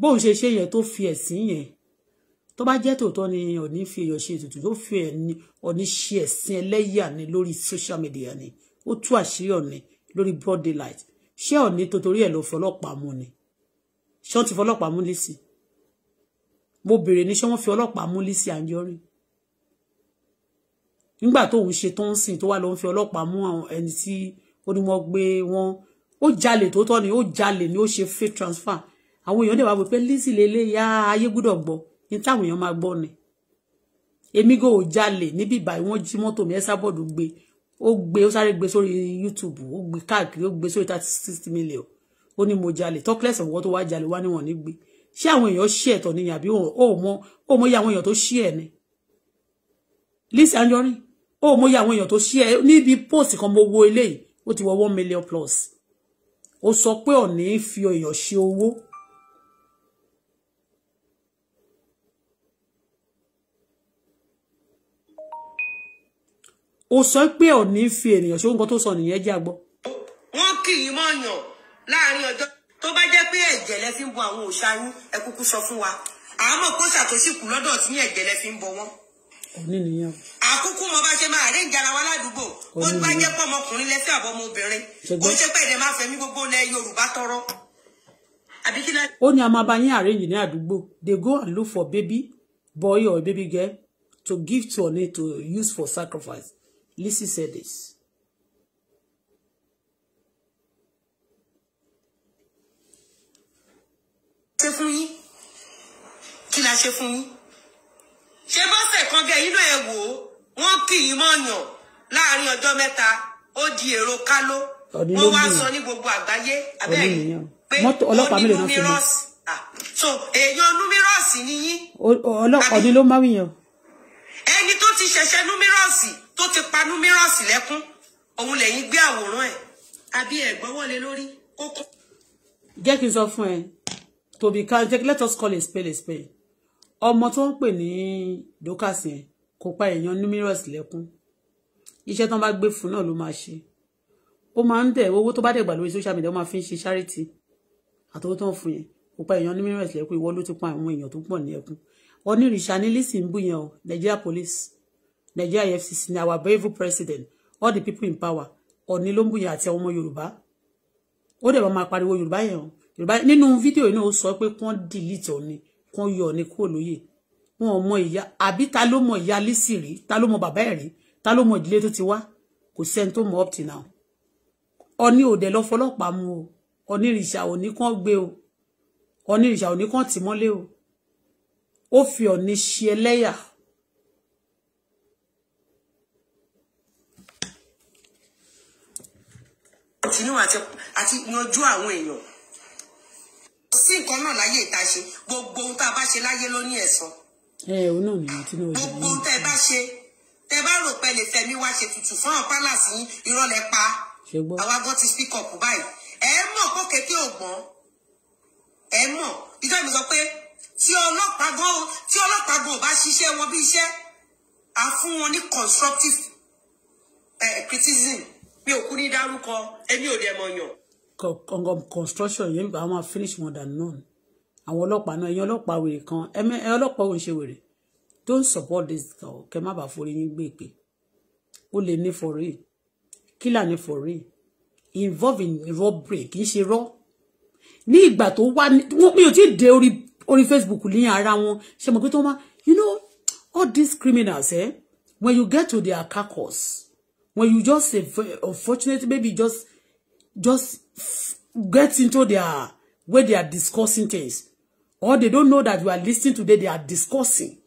bóun ṣe ṣe yẹn tó fi ẹ̀sìn yẹn tó bá jẹ́ tòótọ́ ni ọ̀ní fi èèyàn ṣe ètùtù tó fi ọ̀ní ṣe ẹ̀sìn ẹlẹ́yà ni lórí social media ni ó tú àṣírí ọ̀ní lórí broad daylight ṣé òní tó torí ẹ̀ ló fọlọ́pàá mú ni ṣé wọ́n ti fọlọ́pàá mú Lizzy mo béèrè ní ṣé wọ́n fi ọlọ́pàá mú Lizzy Anjorin nígbà tóun ṣe tó ń sìn tó wà ló ń fi ọlọ́pàá mú àwọn ẹni tí ó ní wọ́n gbé wọn ó jalè tó tọ́ ni ó jalè ni ó ṣe fake transfer àwọn èèyàn dẹ̀ wá wípé Lizzy lélẹ̀ yá ayé gbúdọ̀ gbọ́ ní táwọn èèyàn máa gbọ́ ni èmi gò jalè níbí ìbàyí wọ́n jí mọ́tò mi ẹ́ gbé ó gbé ó sáré gbé sórí YouTube ó gbé káàkiri ó gbé sórí thirty sixty million ó ní mo jalè talkless ọ̀wọ́ tó wá jalè wá níwọ̀n ní gbé ṣé àwọn èèyàn ṣí ẹ̀tọ́ ni àbí ó mọ ó mọ iye àwọn èèyàn tó ṣí ẹ̀ ni Lizzy Anjorin ó mọ àwọn èèyàn tó ṣí ẹ̀ níbi post kan mo wo eléyìí ó ti wọ one million plus ó sọ pé Ọọ̀ni fi èèyàn ṣe owó ó sọ pé ò ní fi ènìyàn ṣe nǹkan tó sọ nìyẹn jẹ́ àgbọ́. wọ́n kì í mọ̀yàn láàrin ọjọ́ tó bá jẹ́ pé ẹ̀jẹ̀ lẹ fi ń bọ àwọn òòṣà ẹ kúkú sọ fún wa àmọ́ kó ṣàtòṣìkù lọ́dọ̀ tí ẹ̀jẹ̀ lẹ fi ń bọ wọ́n. òní nìyẹn. àkókò wọn bá ṣe máa rí ìjàrá wa ládùúgbò ó bá jẹ́ pọ̀ ọmọkùnrin lẹ́fẹ́ àbọ̀ ọmọbìnrin kó ṣe pé ẹ̀dẹ̀ máa fẹ̀mí gbogbo ilẹ̀ Yorùbá tọrọ. ó ní a máa bá yín arrange ní àdúgbò they go and look for baby boy or baby girl to give to Ooni to use for sacrifice Lizzie said this. ṣe fún yín kí la ṣe fún yín ṣe bọ́sẹ̀ kan gẹ inú ẹ̀ wò ó wọ́n kì í mọ̀yàn láàrin ọjọ́ mẹ́ta ó di èrò káló wọ́n wá sọ ní ah, so èèyàn numerọ́ọ̀sì ni yín. ọdún ló máa wíyàn. ẹni tó ti ṣẹ̀ṣẹ̀ numerọ́ọ̀sì tó ti panú mìíràn sí lẹ́kún òun lẹ́yìn gbé àwòrán ẹ̀ àbí ẹ̀gbọ́n wọlé lórí kókó. jẹ́ kí n sọ fún ẹ tòbí ká jẹ́ let us call a spade a spade ọmọ tó ń pè ní Dorcas yẹn kò pa èèyàn numerous lẹ́kún iṣẹ́ tó ń bá gbé fún náà ló máa ṣe ó máa ń dẹ̀ owó tó bá dẹ̀ gbà lórí social media ó máa fi ń ṣe charity àtọwọ́ tó ń fún yẹn kò pa èèyàn numerous lẹ́kún ìwọ ló ti pa àwọn èèyàn tó pọ̀ ní ẹkún onírìṣà ní lísìn ń bú yẹn o Nigeria police Nigeria EFCC ni our brave president all the people in power Ọ̀ní Lómbùyà àti àwọn ọmọ Yorùbá ó dẹ̀ bá máa pariwo Yorùbá yẹn o Yorùbá nínú fídíò náà ó sọ pé kán delete Ọ̀ní kán yọ Ọ̀ní kúrò lóyè wọn ò mọ ìyá àbí ta ló mọ ìyá Lísì rí ta ló mọ bàbá ẹ̀ rí ta ló mọ ìdílé tó ti wá kò sẹ́ni tó mọ up till now ò dẹ̀ lọ fọlọ́pàá mu o Ọ̀ní rìṣà Ọ̀ní kán gbé o Ọ̀ní rìṣà Ọ̀ní kán tì mọ́lé o ó fi Ọ̀ní ṣe ẹlẹ́yà continue àti àti yanjú àwọn èèyàn sí nǹkan náà láyé ìta ṣe gbogbo ohun tá a bá ṣe láyé ló ní ẹ̀san. ẹ ò náà nìyẹn tí náà gbogbo ohun tẹ́ bá ṣe tẹ́ bá rò pé lè fẹmí wá ṣe tutù fún àwọn pálàsì yín irọ́ pa àwa gan ti speak up báyìí ẹ mọ̀ kó kékeré ògbọ́n ẹ mọ̀ ìjọba mi sọ pé tí ọlọ́pàá gan tí ọlọ́pàá gan ò bá ṣiṣẹ́ wọn bí iṣẹ́ à fún wọn ní constructive eh, criticism mi ò kú ní dárúkọ èmi ò dẹ̀ mọ̀ yàn. construction yẹn àwọn máa finish wọn dànù náà àwọn ọlọ́pàá náà ẹ̀yin ọlọ́pàá wèrè kan ẹ̀yin ọlọ́pàá òun ṣe wèrè don't support this girl kẹ má bàa forí yín gbé pé ó lè ní for real killer ní for real Involving in robbery kì í ṣe rọ ní ìgbà tó wá mi ò tí ì dé orí orí Facebook ní ara wọn ṣe mọ̀ pé tó máa you know all these criminals eh, when you get to their carcass when you just say, unfortunately maybe just just get into their where they are discussing things or they don't know that you are listening today they are discussing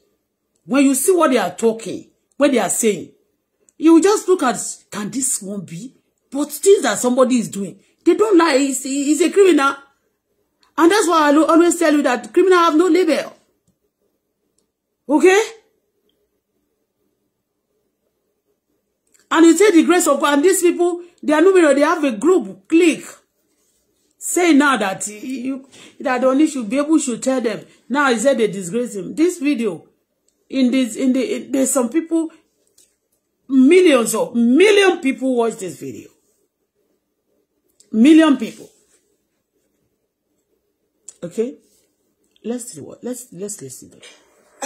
when you see what they are talking what they are saying you just look at can this one be but things that somebody is doing they don't lie he's, he's a criminal and that's why I always tell you that criminal have no label okay And you take the grace of God. And these people, they are numerous. They have a group, clique. Say now that you that only should be able to tell them. Now he said they disgrace him. This video, in this, in the, in, there's some people, millions of million people watch this video. Million people. Okay, let's see what let's let's listen to. It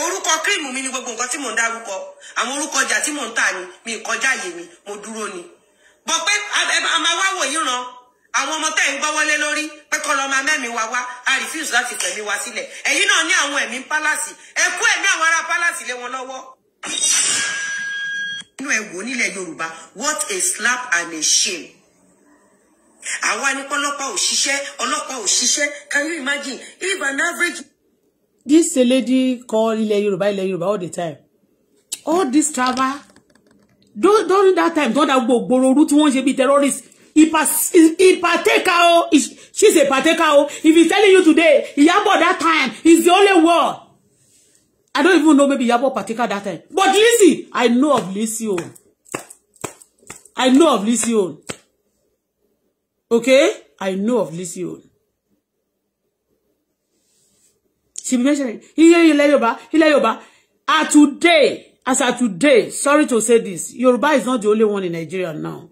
orúkọ kírìmù mi ni gbogbo nǹkan tí mò ń dárúkọ àwọn orúkọ ọjà tí mò ń tà ni mi kọjá àyè mi mo dúró ni bọ pé a máa wá wò yín ràn àwọn ọmọ tẹ́ ń gbọ́wọ́lé lórí pé kọ́ lọ́ọ́ máa mẹ́mi wá wá a refuse láti fẹ̀mí wá sílẹ̀ ẹ̀yin náà ní àwọn ẹ̀mí pálásì ẹ kú ẹ̀mí àwọn ará pálásì lé wọn lọ́wọ́. nínú ẹ wò nílẹ̀ Yorùbá what a slap and a shame àwa ni pọ́lọ́pàá ò ṣiṣẹ́ ọlọ́pàá ò ṣiṣẹ́ can you imagine if an average this lady call ilẹ̀ yorùbá ilẹ̀ yorùbá all the time all this travel during, during that time don that gbogbo ooru tí wọ́n ṣe bí terrorist ìpàtẹ́ka o she's a pàtẹ́ka o if he's telling you today Ìyábọ̀ that time is the only word I don't even know maybe Ìyábọ̀ pàtẹ́ka that time but Lizzy I know of Lizzy o I know of Lizzy o okay I know of Lizzy o. she mentioned here ilẹ̀ Yorùbá ilẹ̀ Yorùbá are today as at today sorry to say this Yorùbá is not the only one in Nigeria now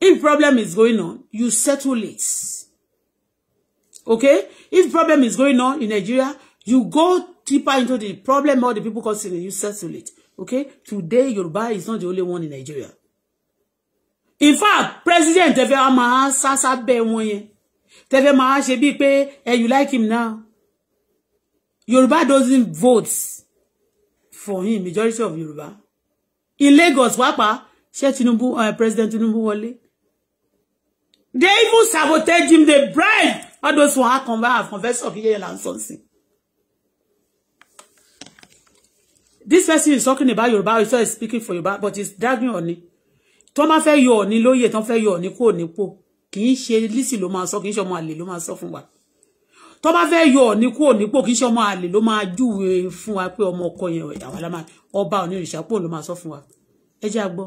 if problem is going on you settle it okay if problem is going on in Nigeria you go deeper into the problem or the people causing it you settle it okay today Yorùbá is not the only one in Nigeria in fact president tẹfẹ a máa sásá bẹ wọn yẹn tẹfẹ máa ṣe bíi pé eh you like him now Yoruba doesn't vote for him majority of Yoruba in Lagos wapa, ṣé Tinubu uh, President Tinubu wọlé they even sabotage him they bribe all those who are come back and of here and something this person is talking about Yoruba he is speaking for Yoruba but he's dragging Ọọ̀ni tó máa fẹ́ yọ Ọọ̀ni lóyè tó fẹ́ yọ Ọọ̀ni kúrò nípò kì í ṣe Lizzy ló máa sọ kì í ṣe ọmọ àlè ló máa sọ fún wa tó bá fẹ́ yọ ọ̀ní kúrò nípò kí ṣe ọmọ àlè ló máa júwe fún wa pé ọmọ ọkọ yẹn àwọn aláma ọba òní òrìṣàpò ló máa sọ fún wa ẹ jẹ́ àgbọ́.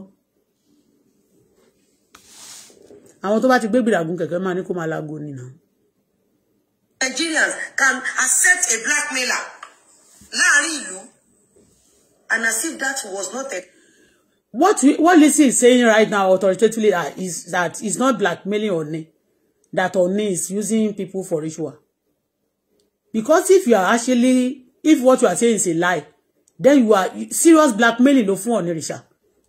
àwọn tó bá ti gbé gbìdàgún kẹ̀kẹ́ máa ní kó máa lago nìyà. Nigerians can accept a blackmailer láàrin ìlú and as if that was not a. What we, what Lizzy is saying right now authoritatively uh, is that it's not blackmailing Ooni, that Ooni is using people for ritual because if you are actually if what you are saying is a lie then you are serious blackmailing ló fún ọ̀nìrìṣà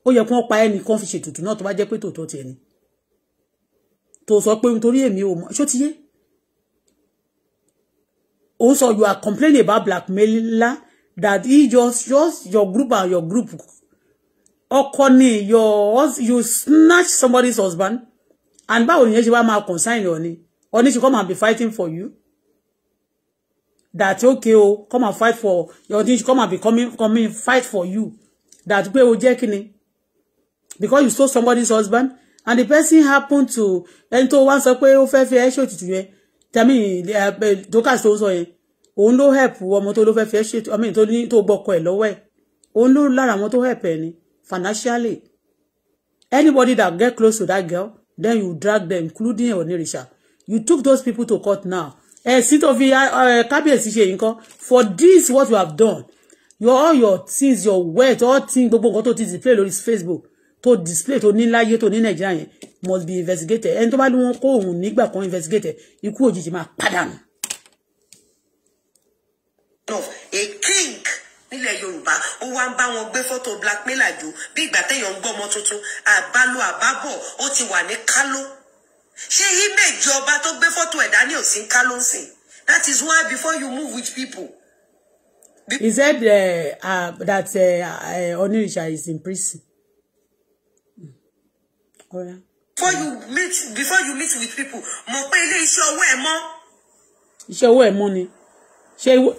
ó yẹ kí wọ́n pa ẹnì kan fi ṣètùtù náà tó bá jẹ́ pé tòótọ́ ti ẹni tó sọ pé nítorí èmi ò mọ̀ ṣó ti yé ó you are complaining about blackmailer that he just just your group and your group ọkọ ni your you snatch somebody's husband and báwo nìyẹn ṣe wá máa concern ọ ni ọ ní come and be fighting for you that okay o oh, come and fight for your things. come and be coming coming fight for you that pé o jẹ́ kíni because you stole somebody's husband and the person happen to ẹni tó wá sọ pé ó fẹ́ fi ẹ́ ṣe òtútù yẹn tẹ̀mí eh, eh, dókàs tó ń sọ yẹn òun ló help ọmọ tó ló fẹ́ fi ẹ́ I mean, tó ní tó gbọ́kọ ẹ̀ lọ́wọ́ ẹ̀ òun ló lára àwọn tó help ẹ̀ ni financially anybody that get close to that girl then you drag them including Onirisha you took those people to court now ẹ̀sìn tó fi kábíyèsí ṣe nǹkan for this what you have done your all your things your wealth all things gbogbo nǹkan tó ti display lórí Facebook tó display tó ní láyé tó ní Nàìjíríà yẹn must be investigated ẹni tó bá ní wọn kó òun nígbà kan investigated ikú òjijì máa padà nù. a king nílẹ̀ yorùbá ó wá ń bá wọn gbé fọ́tò blackmailer jù bí ìgbà téèyàn ń gbọ́mọ tuntun àbálò àbábọ̀ ó ti wà ní kálọ́ ṣé image ọba tó gbé fọ́tò ẹ̀ dání ò sí ń ká that is why before you move with people. Be he said uh, uh, that uh, uh, Onirisa is in prison. Hmm. Oh, yeah. Before you meet before you meet with people, mọ̀ pé ilé iṣẹ́ owó ẹ̀ mọ́. Iṣẹ́ owó ẹ̀ mọ́ ni. Ṣé ìwọ.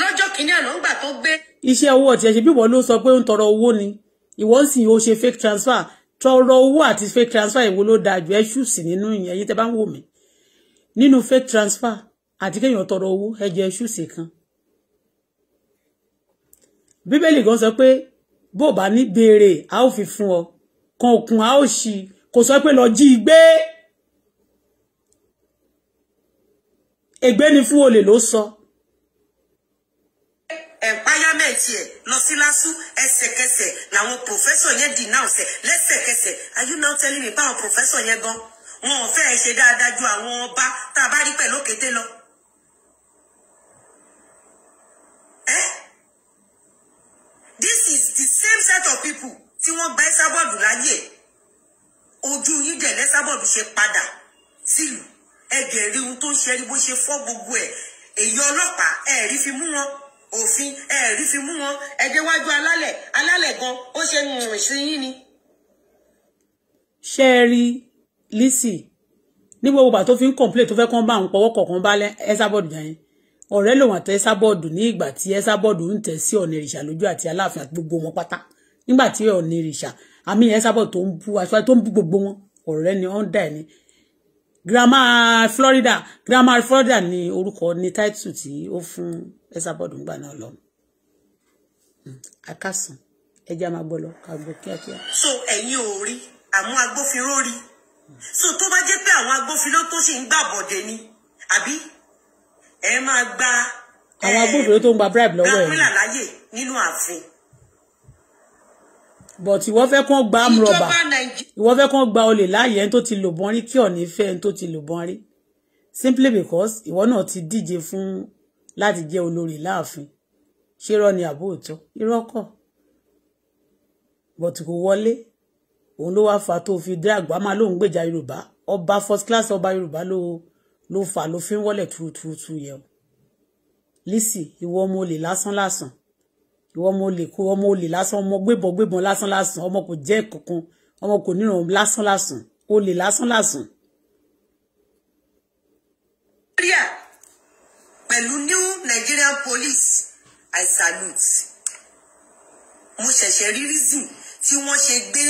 Lọ́jọ́ kìíní àná ńgbà tó gbé. Iṣẹ́ owó ọ̀tí ẹ̀ ṣe bí ìwọ ló sọ pé ń tọrọ owó ni. Ìwọ sì ṣe fake transfer tọrọ owó àti fake transfer ìwo ló dáa jù ẹṣù sí nínú ìyẹn ẹ̀yin tẹ́ bá ń wò mí nínú fake transfer àti kéèyàn tọrọ owó ẹjẹ ẹṣù sí kan bíbélì gan sọ pé bó o bá ní béèrè a ó fi fún ọ kan òkun a ó ṣí kò sọ pé lọ jí i gbé ègbé ni fún olè ló sọ. So gẹ̀ẹ́tì ẹ̀ lọ sí lásù ẹsẹ̀kẹsẹ̀ làwọn pòfẹ́sọ̀ yẹn denounce lẹ́sẹ̀kẹsẹ̀ are you now báwọn pòfẹ́sọ̀ yẹn gan wọn ò fẹ́ ṣe dáadáa ju àwọn ọba tá a bá rí pẹ̀lú òkété lọ. this is the same set of people tí wọ́n gba ẹ́sàbọ̀dù láyè ojú yín dẹ̀ lẹ́sàbọ̀dù ṣe padà sílùú ẹ̀gẹ̀rí ohun tó ń ṣe rí bó ṣe fọ́ gbogbo ẹ̀ èyí ọlọ́pàá ẹ̀rí fi mú wọn òfin ẹ̀rí fi mú wọn ẹgbẹ́ wájú alálẹ̀ alálẹ̀ gan ó ṣe rìn sí yín ni. ṣé ẹ rí Lizzy ní gbogbo ìgbà tó fi ń complain tó fẹ́ kán bá àwọn pọ̀wọ́ kọ̀ọ̀kan bá Esabod jàyẹn ọ̀rẹ́ lòun àti Esabod ní ìgbà tí Esabod ń tẹ̀ sí ọ̀nà ìrìṣà lójú àti aláàfin àti gbogbo wọn pátá nígbà tí ọ̀nà ìrìṣà àmì Esabod tó ń bú aṣọ tó ń bú gbogbo wọn ọ̀rẹ́ ni wọ́n dà ní grammar Florida grammar Florida ni orúkọ ni title tí ó fún lẹ́sà bọ́ọ̀dù ń gbà náà lọ hmm, akásùn ẹjẹ́ máa gbọ́ lọ ká gbọ́ kíákíá. so ẹ̀yin ò rí àwọn agbófinró rí so tó bá jẹ́ pé àwọn agbófinró tó sì ń gbà bọ̀dẹ̀ ni àbí ẹ máa gba àwọn eh, agbófinró tó ń gba bribe lọ́wọ́ ẹ̀ gámúlà láyè nínú ààfin. but ìwọ fẹ́ kàn gba amrọ̀bà ìwọ fẹ́ kàn gba olè láàyè ẹni tó ti lò bọ́n rí kí ọ̀ní fẹ́ ẹni tó ti lò bọ́n rí simply because ìwọ náà ti díje fún láti jẹ́ olórí láàfin ṣé irọ́ ni àbó òótọ́ irọ́ kọ́ bọ̀tù kò wọlé òun ló wá fa tó fi drag wá máa lóun gbèjà yorùbá ọba first class ọba yorùbá ló ló fà ló fi ń wọlé tuurutuurutu yẹ o lisi, ìwọ ọmọ olè lásán lásán ìwọ ọmọ olè kó ọmọ olè lásán ọmọ gbébọn gbébọn lásán lásán ọmọ kò jẹ́ kankan ọmọ kò níran lásán lásán olè lásán lásán pẹ̀lú new Nigerian police I salute mo ṣẹ̀ṣẹ̀ rí reason tí wọ́n ṣe gbé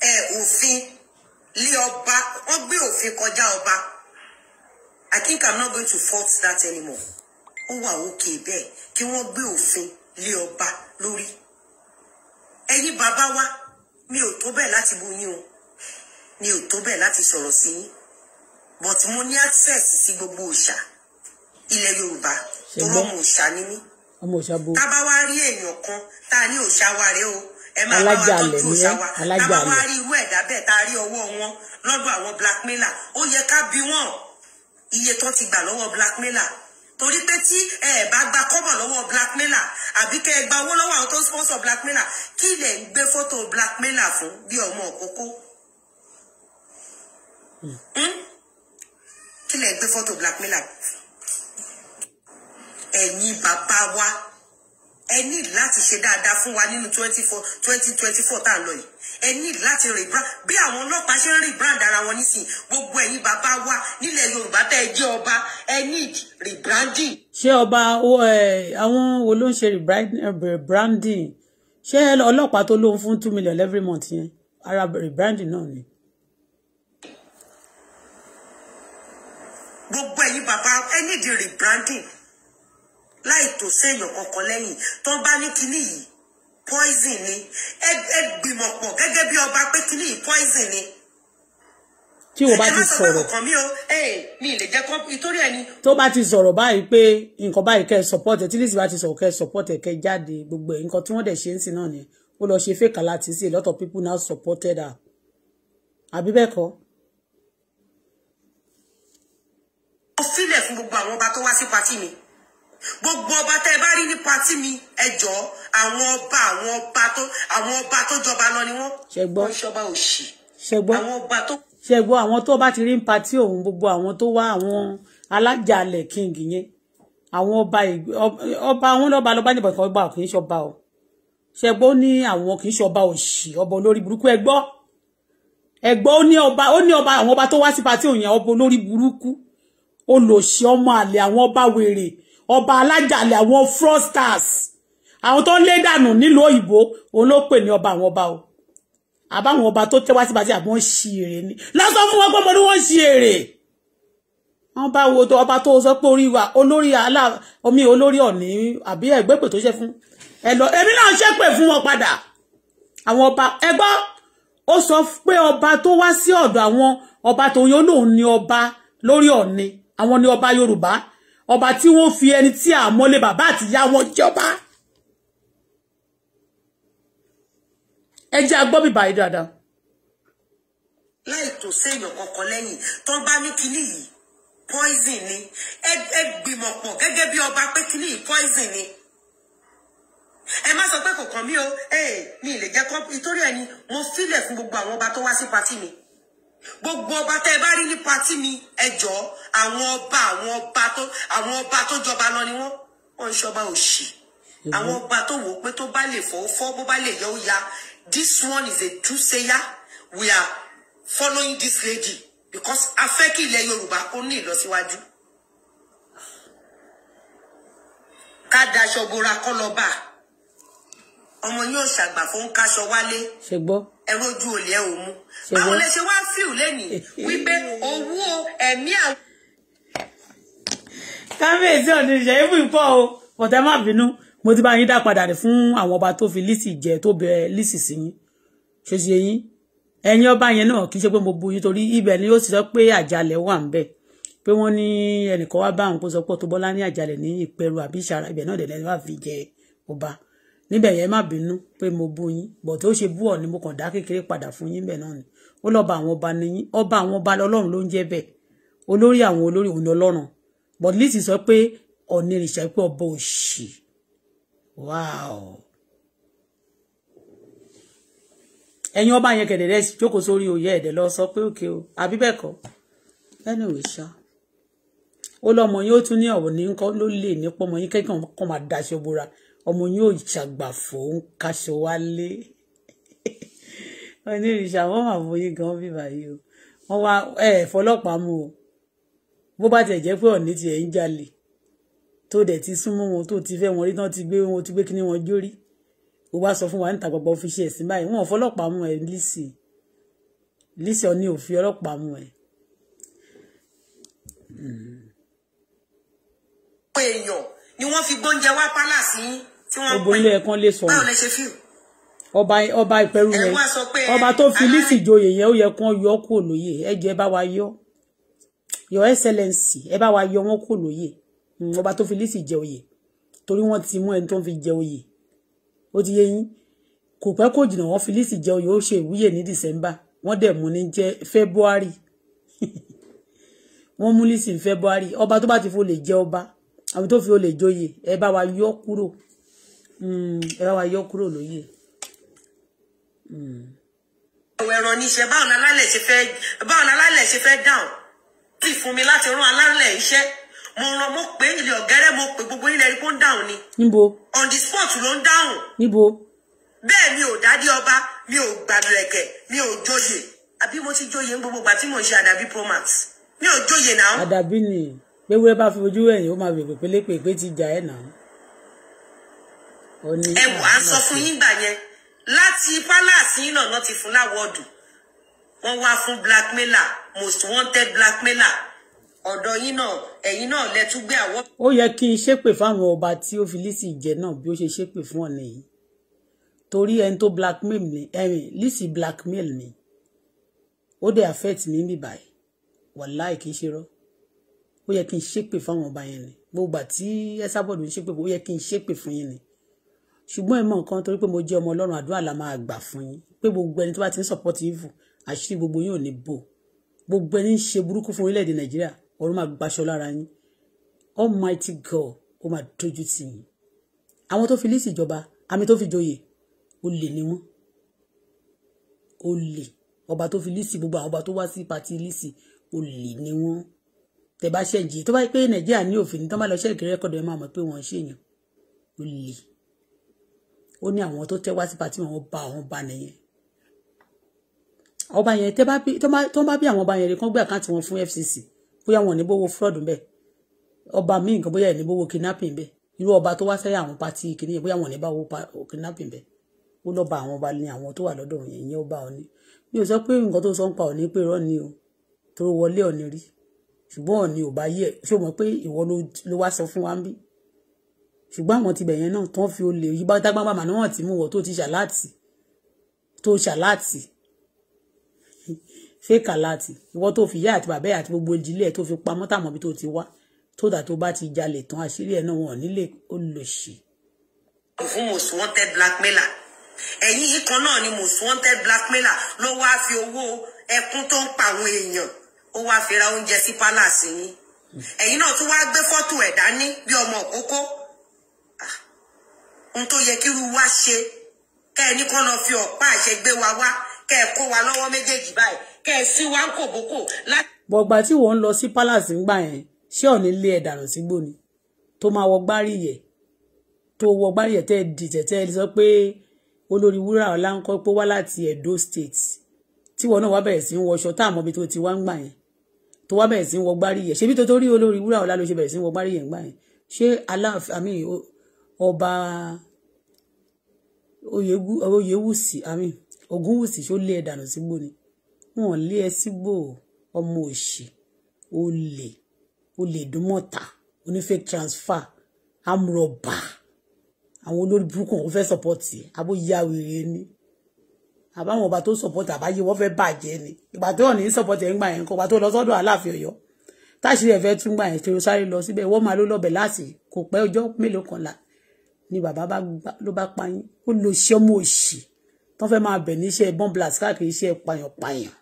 ẹ òfin lé ọba wọ́n gbé òfin kọjá ọba I think I'm not going to fault that anymore ó wà òkè bẹ́ẹ̀ kí wọ́n gbé òfin lé ọba lórí ẹ̀yin bàbá wa mi ò tó bẹ́ẹ̀ láti bú yín o mi ò tó bẹ́ẹ̀ láti sọ̀rọ̀ sí yín but mo ní access sí gbogbo òòṣà ilẹ̀ yorùbá tó mọ̀ mọ̀ òṣà ni mí ká bá wá rí èèyàn kan tá a ní òṣà wa rèé o ẹ máa bá wa tọ́jú òṣà wa ká bá wá rí irú ẹ̀dá bẹ́ẹ̀ tá a rí ọwọ́ wọn lọ́dọ̀ àwọn blackmailer ó yẹ ká bí wọ́n iye tó ti gbà lọ́wọ́ blackmailer torí pé tí ẹ bá gba kọ́bọ̀ lọ́wọ́ blackmailer àbí kẹ́ ẹ gba owó lọ́wọ́ àwọn tó ń sponsor blackmailer kí ilẹ̀ ń gbé fọ́tò blackmailer fún bí ọmọ òkókó hmm. Hmm? kí ilẹ̀ ń gbé fọ́tò blackmailer fún ẹ̀yin bàbá wa ẹ ní láti ṣe dáadáa fún wa nínú twenty four twenty twenty four tá a lọ yìí ẹ ní láti rìn brand bí àwọn ọlọ́pàá ṣe ń rìn brand ara wọn nísìnyí gbogbo ẹ̀yin bàbá wa nílẹ̀ Yorùbá tẹ́ ẹ jẹ́ ọba ẹ ní rebranding. ṣé ọba àwọn wo ló ń ṣe rebranding ṣé ọlọ́pàá tó lóun fún two million every month yẹn ara rebranding náà ni. gbogbo ẹ̀yin bàbá ẹ ní di rebranding láì tó séèyàn kankan lẹ́yìn tó bá ní kinní yìí poison ni ẹ gbìmọ̀ pọ̀ gẹ́gẹ́ bí ọba pé kinní yìí poison ni tí o bá ti sọ̀rọ̀ tó bá ti sọ̀rọ̀ báyìí pé nǹkan báyìí kẹ́ ẹ support ẹ tí lè bá ti sọ̀rọ̀ kẹ́ ẹ support ẹ kẹ́ ẹ jáde gbogbo ẹ̀ nǹkan tí wọ́n dẹ̀ ṣe ń sìn náà ni ó lọ ṣe fake láti sí a lot of people now supported her àbí bẹ́ẹ̀ kọ́. ó sílẹ̀ fún gbogbo àwọn ọba tó wá sí pátì mi gbogbo ọba tẹ́ ẹ bá rí ní patí mi ẹ jọ àwọn ọba àwọn ọba tó àwọn ọba tó jọba lọ ni wọn. ṣẹgbọ́ ìṣọba òṣì. ṣẹgbọ́ àwọn ọba tó. ṣẹgbọ́ àwọn tó bá ti rí ní patí òun gbogbo àwọn tó wá àwọn alájàalẹ̀ king yẹn àwọn ọba ọba àwọn lọ́ba lọ́ba níbọn kan ọba kì í ṣọba o ṣẹgbọ́ ó ní àwọn kì í ṣọba òṣì ọba olórí burúkú ẹgbọ́ ẹgbọ́ ó ní ọba ó ní ọba àwọn ọba tó wá sí patí òun yẹn ọba olórí burúkú olòṣì ọmọ àlè àwọn ọba wèrè ọba alájàlẹ̀ àwọn fraudsters àwọn tó ń lé dànù nílùú òyìnbó òun ló pè ní ọba àwọn ọba o àbáwọn ọba tó tẹ́wá sí bàtí àbọ̀ ń ṣi ni lọ́sọ̀ fún wọn pé mo ní wọ́n ń ṣi èrè wọ́n bá wo ọba tó sọ pé orí wa olórí alá omi olórí ọ̀ní àbí ẹ̀gbẹ́pẹ̀ tó ṣe fún ẹ lọ èmi náà ṣépè fún wọn padà àwọn ọba ẹgbọ́ ó sọ pé ọba tó wá sí ọ̀dọ̀ àwọn ọba tó yóò lòun ní ọba lórí ọ̀ni àwọn ní ọba Yorùbá ọba tí wọ́n fi ẹni tí àmọ́lé bàbá àti ìyá wọn jọba ẹ jẹ́ agbọ́ bíbá yìí dáadáa. láì tó séèyàn kankan lẹ́yìn tó bá ní kinní yìí poison ni ẹ gbìmọ̀ pọ̀ gẹ́gẹ́ bí ọba pé kinní yìí poison ni ẹ má sọ pé kò kàn mí o mi ì lè jẹ́ kọ́ nítorí ẹni mo sílẹ̀ fún gbogbo àwọn ọba tó wá sí patí mi gbogbo ọba tẹ́ ẹ bá rí ní patí mi ẹ jọ àwọn ọba àwọn ọba tó àwọn ọba tó jọba lọ ni wọ́n wọ́n ń ṣọba òṣì àwọn ọba tó wò ó pé tó bá lè fọ́ fọ́ bó bá lè yọ ó ya this one is a true sayer we are following this lady because a fẹ́ kí ilẹ̀ Yorùbá kó ní ìlọsíwájú. ká daṣọ bora kọ́ lọ ọmọ yóò ṣàgbà fún káṣọ wálé. ṣe gbọ́ ẹ̀rọ ojú olè ẹ̀ ò mú báwo lè ṣe wá fíù lẹ́nìí wípé owó ẹ̀mí àwọn. kábíyèsí ọ̀nà ìṣẹ́ ibù ìpọ̀ o bọ̀tẹ́ má bínú mo ti bá yín dá padà rẹ̀ fún àwọn ọba tó fi lísì jẹ tó bẹ lísì sí yín ṣe ṣe yín ẹ̀yin ọba yẹn náà kì í ṣe pé mo bu yín torí ibẹ̀ ni ó sì sọ pé àjálẹ̀ wà ń bẹ̀ pé wọ́n ní ẹnìkan wá bá àwọn kó sọ pé Auto ní àjálẹ̀ ní ìpẹ̀rù àbí ìṣàrà ibẹ̀ náà dẹ̀ wà fi jẹ ọba níbẹ̀ yẹn má bínú pé mo bú yín bọ̀ tí ṣe bú ọ̀ ni mo kàn dá kékeré padà fún yín bẹ́ẹ̀ náà ni ó lọ́ba àwọn ọba ni yín ọba àwọn ọba ọlọ́run ló ń jẹ́ bẹ́ẹ̀ olórí àwọn olórí òun ọlọ́run but lisi sọ pé ọ̀ni ìrìṣà pé ọba òṣì wow ẹ̀yin ọba yẹn kẹ̀dẹ̀ rẹ̀ jókòó sórí oyè ẹ̀dẹ̀ lọ sọ pé òkè o àbí bẹ́ẹ̀ kọ́ lẹ́nu ìwé ṣá ó lọ́mọ yín ó tún ní ọ̀wọ̀ ní nǹkan ọmọ yín ò ṣàgbàfò ń kaṣọ wálé onírìṣà wọn mà mọ yín gan bíbá yìí o wọn wá ẹ fọlọ́pàá mú o bó bá tiẹ̀ jẹ́ pé ọ̀ní tiẹ̀ ń jalè tó dẹ̀ ti súnmọ́ wọn tó ti fẹ́ wọn rí tán ti gbé wọn ti gbé kíní wọn jórí ó wá sọ fún wa níta gbogbo ọ́fíìsì ẹ̀sìn báyìí wọn ò fọlọ́pàá ẹ Lizzy Lizzy ọ ní òfin ọlọ́pàá mú ẹ. àwọn èèyàn ni wọ́n fi gbóúnjẹ wá pálásì yín tí wọ́n pè é báwo lẹ ṣe fi. ọba ọba ìpẹrù rẹ ọba tó fi lísì joyè yẹn ó yẹ kán yọ kó lóye ẹ jọ̀ọ́ ẹ bá wa yọ your excellency ẹ bá wa yọ wọn kó lóye hmm, ọba tó fi lísì jẹ oyè torí wọ́n ti mú ẹni tó ń fi jẹ oyè ó ti yé yín kò pẹ́ kò jìnnà wọ́n fi lísì jẹ oyè ó ṣe ìwúyè ní december wọ́n dẹ̀ mú ní jẹ́ february *laughs* wọ́n mú lísì february ọba tó bá ti fò lè jẹ ọba àbí tó fi olè joyè ẹ bá wa yọ kúrò Hmm, ẹ bá wa yọ kúrò lóyè. ọ̀wọ̀ hmm. ẹ̀rọ níṣẹ́ báwọn alálẹ̀ ṣe fẹ́ báwọn alálẹ̀ ṣe fẹ́ dáhùn sì fún mi láti rán alálẹ̀ iṣẹ́ mo ràn mo pé ilé ọ̀gẹ́rẹ́ mo pè gbogbo ilẹ̀ kó ń dáhùn ni. níbo. on the spot ló ń dáhùn. níbo. bẹ́ẹ̀ mi ò dádé ọba mi ò gbàdúrẹ̀kẹ̀ mi ò joyè àbí mo ti joyè ń gbogbo ìgbà tí mò ń ṣe àdàbí promax mi ò joyè náà. àdàbí ni pé wúrẹ́ bá fi ojú ẹ̀yìn ó máa bèbè pélépèpé ti jà ẹ̀ náà ẹ wò á ń sọ fún yín gbà yẹn láti palace yín lọ́nà ti fún láwọ́ọ̀dù wọ́n wá fún blackmailer most wanted blackmailer ọ̀dọ̀ yín náà ẹ̀yin náà lẹ gbé àwọ̀. ó yẹ kí n ṣépè fáwọn ọba tí ó fi Lizzy jẹ náà bí ó ṣe ṣépè fún ọ̀nà yìí torí ẹni tó blackmail mi ẹ̀rìn Lizzy blackmail mi ó dẹ̀ affect mi bí báyìí wàláì kì í ṣe rọ́ ó yẹ kí n ṣépè fáwọn ọba yẹn ni gbogbo àti ẹ sábọ̀dù ń ṣépè ó yẹ kí n ṣépè fún yín ni ṣùgbọ́n ẹ mọ nǹkan torí pé mo jẹ́ ọmọ ọlọ́run àdúrà la máa gbà fún yín pé gbogbo ẹni tó bá ti ń support evil àṣírí gbogbo yín ò ní bò gbogbo ẹni ń ṣe burúkú fún orílẹ̀-èdè nàìjíríà ọ̀run máa gbaṣọ lára yín almighty god ó máa dojú tì yín àwọn tó fi lísì ìjọba àmì tó fi joyè olè ni wọ́n olè ọba tó fi lísì gbogbo àwọn ọba tó wá sí pati lísì olè ni wọ́n tẹ́ bá ṣẹ̀jì tó bá pé nàìjíríà ní òfin tó bá lọ ṣẹ́ẹ̀kì rẹ́kọ̀dù ẹ máa mọ̀ pé wọ́n ṣèyàn olè ó ní àwọn tó tẹ́ wá sí pàtí wọn bá àwọn bá nìyẹn ọba yẹn tó bá bí àwọn ọba yẹn rí kán gbé àkáǹtì wọn fún FCC bóyá wọn ò ní bówó fraud ń bẹ ọba míì nǹkan bóyá ẹ̀ ní bówó kidnapping bẹ irú ọba tó wá sẹ́yìn àwọn pati kìíní yẹn bóyá wọn ò ní bá owó kidnapping bẹ ó lọ́ba àwọn ọba ní àwọn tó wà lọ́dọ̀ yẹn ìyẹn ọba òní mi ò sọ pé nǹkan tó sọ ń pa òní pé irọ́ ni o tó wọlé òní rí ṣùgbọ́n òní ò bá yẹ ṣé o mọ̀ pé ìwọ ló wá sọ fún wa ń bí ṣùgbọ́n àwọn tibẹ̀ yẹn náà tán fi olè yí bátágbá màmá náà ti mú wọ tó ti ṣàláàtì tó ṣàláàtì fake aláàtì ìwọ tó fi yá àti bàbá àti gbogbo ìdílé ẹ̀ tó fi pamọ́ tàmọ́ bí tó ti wá tó dà tó bá ti jalè tán àṣírí ẹ̀ náà wọn nílé olùṣì. fún most wanted blackmailer ẹ̀yìn yìí kan náà ni most wanted blackmailer ló wáá fi owó ẹkún tó ń pa àwọn èèyàn ó wáá fi ra oúnjẹ sí palace yín ẹ̀yìn náà tún wáá gbé fọ́tò ẹ̀ dání bí ọmọ òkókó n tó yẹ kírú wa ṣe kẹ ẹ ní kán lọ fi ọ̀pá àṣẹ gbé wa wá kẹ ẹ kó wa lọ́wọ́ méjèèjì báyìí kẹ ẹ sí wa ń kò bókò láti. bọ̀gbà tí wọ́n ń lọ sí palace ńgbà yẹn ṣé ò ní lé ẹ̀dànù sígbó ni tó máa wọ gbárí yẹ tó wọ gbárí yẹ tẹ́ ẹ dìtẹ̀ tẹ́ ẹ sọ pé olórí wúrà ọ̀la ń pé wá láti Edo State tí wọn náà wá bẹ̀rẹ̀ sí ń wọṣọ tá àmọ́ bí tó ti wá ń gbà yẹn tó wá bẹ̀rẹ̀ sí ń wọ gbárí yẹn ṣebí tó tó rí olórí wúrà ọ̀la ṣe bẹ̀rẹ̀ sí ń wọ gbárí yẹn gbà yẹn ṣé aláàfin àmì ọba oyewusi àmì ògúnwùsì ṣó lé ẹ dànù sígbó ni wọn lé ẹ sígbó ọmọ òṣì olè olè dúnmọ̀tà onífẹ́ transfer amúrọ̀bà àwọn olórí burúkú wọn fẹ́ sọpọ́tì abóyáwèrè ni àbáwọn ọba tó sọpọ́tì àbáyé wọn fẹ́ bàjẹ́ ni ìgbà tó wọ́n ní sọpọ́tì ẹ̀ ń gbà yẹn kọ́ ìgbà tó lọ sọ́dọ̀ aláàfin ọ̀yọ́ táṣìírí ẹ̀ fẹ́ tún gbà yẹn tó sáré lọ síbẹ̀ wọ́n máa ló lọ́bẹ̀ láti kò pẹ́ ọjọ́ mélòó kan la ni bàbá bá gbà ló bá pa yín ó lo iṣẹ́ ọmọ òṣì tó fẹ́ máa bẹ̀ níṣẹ́ ìbọn blast káàkiri iṣẹ́ payànpayàn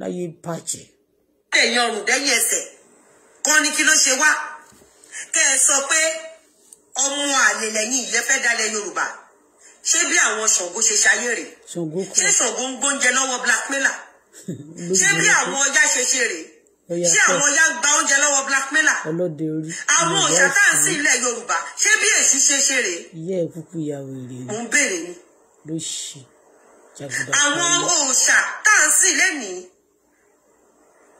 láyé bàjẹ́. ẹ̀yin ọrùn dẹ́yìn ẹsẹ̀ kan ní kí ló ṣe wá kẹ́ ẹ sọ pé ọmọ àlè lẹ́yìn ìyẹn fẹ́ dalẹ̀ yorùbá ṣé bí àwọn ṣàngó ṣe ṣayé rè ṣé ṣàngó ń gbóúnjẹ lọ́wọ́ blackmailer *laughs* ṣé bí àwọn ọjà ṣe ṣe rèé ṣé àwọn ọ̀yà ń gba oúnjẹ lọ́wọ́ blackmailer ọlọ́dẹ orí àwọn òòṣà tá à ń sìn ilẹ̀ yorùbá ṣé bí èsì ṣe ṣe rèé. ìyá ẹ kúkú ìyàwó èrè ni. mò ń béèrè ni. ló ṣe jàgùdà kan. àwọn òòṣà tá à ń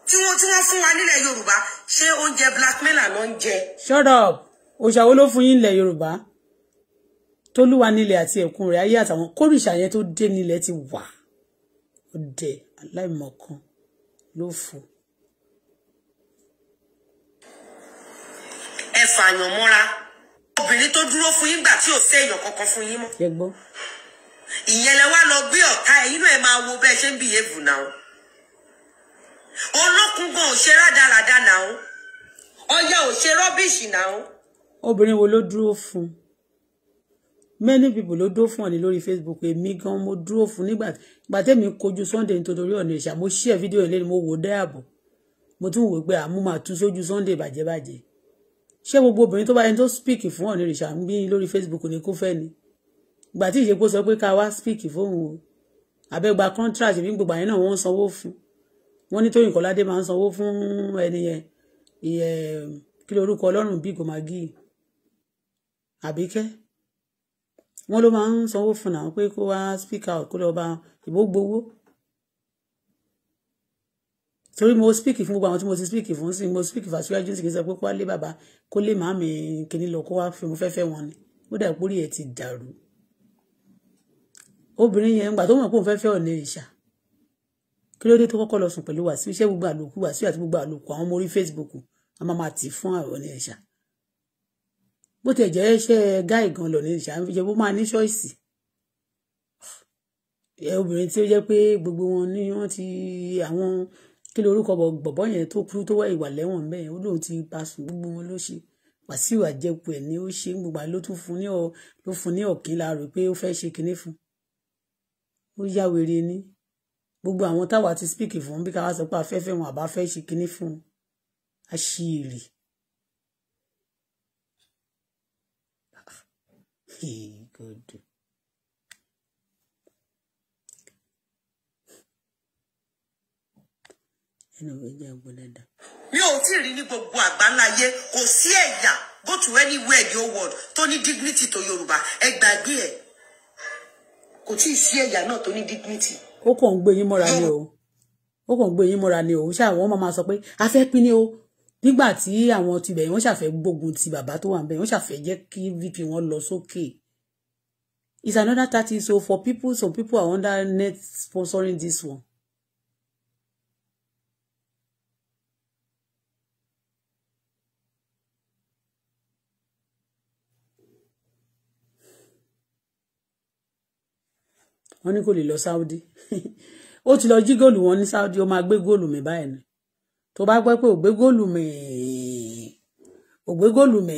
tí wọ́n tí wọ́n fún wa nílẹ̀ yorùbá ṣé oúnjẹ blackmailer ló ń jẹ. shut up òòṣà wo ló fún yín ilẹ̀ yorùbá tólúwa nílẹ̀ àti ẹ̀kún rẹ̀ ayé àtàwọn kórìṣà yẹn tó dé nílẹ̀ ti wà ó dẹ̀ aláìmọ̀kan ló fò ẹ mọ́ra obìnrin tó dúró fún yín gbà tí ò sí kankan fún yín mọ́ ìyẹn lẹ wá lọ gbé ọ̀tá ẹ inú ẹ máa wo bẹ́ẹ̀ ṣe ń bìyèvù náà olókun gan ò ṣe rádaràda náà ọya ò ṣe rọ́bìṣì náà. obìnrin wo ló dúró fún many people ló dúró fún ọ̀nì lórí Facebook èmi gan mo dúró fún nígbà ìgbà tẹ́mi kojú Sunday nítorí ọ̀nà ìṣà mo ṣí ẹ̀ fídíò yẹn lẹ́nu mo wò ó dáàbò mo tún wò pé àmú máa tú sójú Sunday bàjẹ́bàjẹ́ ṣé gbogbo obìnrin tó bá yẹn tó speak fún ọ̀nì rìṣà ń gbé lórí Facebook ní kó fẹ́ ni ìgbà tí ìṣèpò sọ pé ká wá speak fóun o àbẹ́gba contract bí gbogbo àyẹn náà wọ́n ń sanwó fún wọ́n ní Tóyìn Kọ́ládé máa ń sanwó fún ẹni yẹn ìyẹn kí lorúkọ ọlọ́run bíi gòmágì àbíkẹ́ wọ́n ló máa ń sanwó fún náà pé kó wá speak out kó lọ́ọ́ bá ìbò gbowó torí mo speak fún gbogbo àwọn tí mo ti speak fún sí mo speak fún aṣíwájú sì kì í sọ pé kó wá lé bàbá kó lé màámi kìíní lọ kó wá fi mo fẹ́fẹ́ wọn ni ó dà pórí ẹ̀ ti dàrú obìnrin yẹn ńgbà tó mọ̀ pé òun fẹ́fẹ́ ọ̀nà ìṣà kí ló dé tó kọ́kọ́ lọ sùn pẹ̀lú wàsíù iṣẹ́ gbogbo àlòkù wàsíù àti gbogbo àlòkù àwọn ọmọ orí Facebook a máa máa tì fún ọ̀nà ìṣà bó tẹ̀ jẹ́ iṣẹ́ gáì gan lọ̀nà ìṣà ń bó máa ní ṣọ́ọ̀ṣì obìnrin tí ó jẹ́ pé gbogbo wọn ni wọ́n ti àwọn kí lorúkọ bọ gbọ̀bọ́ yẹn tó kú tó wá ìwà lẹ́wọ̀n bẹ́ẹ̀ ó lóun ti pa sùn gbogbo wọn ló ṣe wàsíù àjẹkù ẹ̀ ni ó ṣe ń gbogbo ló tún fún ní ọ ló fún ní ọ̀kín láàrò pé ó fẹ́ẹ́ ṣe kinní fún ó yá wèrè ni gbogbo àwọn táwa ti spíkì fún bí káwá sọ pé afẹ́fẹ́ wọn àbá fẹ́ẹ́ ṣe kinní fún aṣíìrì ah, Hey, good. mi ò tí ì rí ní gbogbo àgbáńláyé kò sí ẹ̀yà go to anywhere in your world tó ní dignity tó yorùbá ẹ gbàgbé ẹ kò tí ì sí ẹ̀yà náà tó ní dignity. ó kàn ń gbé yín mọ́ra ni o ó kàn ń gbé yín mọ́ra ni o ṣáà wọ́n máa sọ pé a fẹ́ pín ní o nígbà tí àwọn tibẹ̀ wọ́n ṣàfẹ́ gbógun ti bàbá tó wà ń bẹ̀ wọ́n ṣàfẹ́ jẹ́ kí vp wọn lọ sókè it's another thirty so for people some people are under net sponsoring this one wọ́n ní kò lè lọ Saudi *laughs* ó ti lọ jí góòlù wọn ní Saudi ó máa gbé góòlù mi báyìí ni tó bá gbọ́ pé ò gbé góòlù mi ò gbé góòlù mi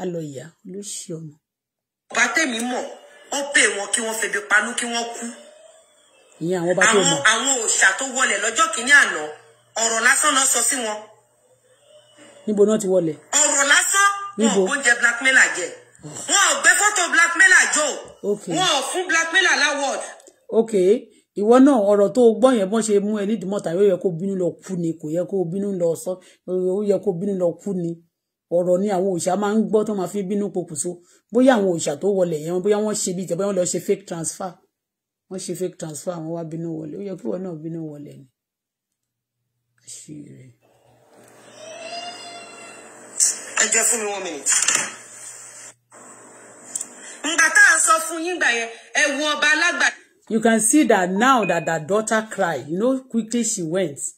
á lọ ìyá olóṣì ọmọ. ọba tèmi mọ ó pè wọn kí wọn febi panú kí wọn kú. ìyẹn àwọn ọba tó mọ. àwọn òòṣà tó wọlé lọ́jọ́ kìíní àná ọ̀rọ̀ lásán náà sọ sí wọn. níbo náà ti wọlé. ọ̀rọ̀ lásán wọn ò gbóúnjẹ blackmailer jẹ wọn ò gbé fọ́tò blackmailer jò wọn ò fún blackmailer láwọ̀d. ok ìwọ náà ọ̀rọ̀ tó gbọ́ yẹn bọ́n ṣe mú ẹ nídìí mọ́ta yóò yẹ kó bínú lọ kú ni kò yẹ kó bínú lọ sọ ó yẹ kó bínú lọ kú ni ọ̀rọ̀ ni àwọn òòṣà máa ń gbọ́ tó máa fi bínú pokùnso bóyá àwọn òòṣà tó wọlé yẹn bóyá wọ́n ṣe bíi tẹ̀bẹ́ wọ́n lọ ṣe fake transfer wọ́n ṣe fake transfer àwọn wá bínú wọlé ó yẹ kí wọ́n náà bínú wọlé ni. ẹ jẹ́ fún mi one minute you can see that now that that daughter cry you know quickly she went she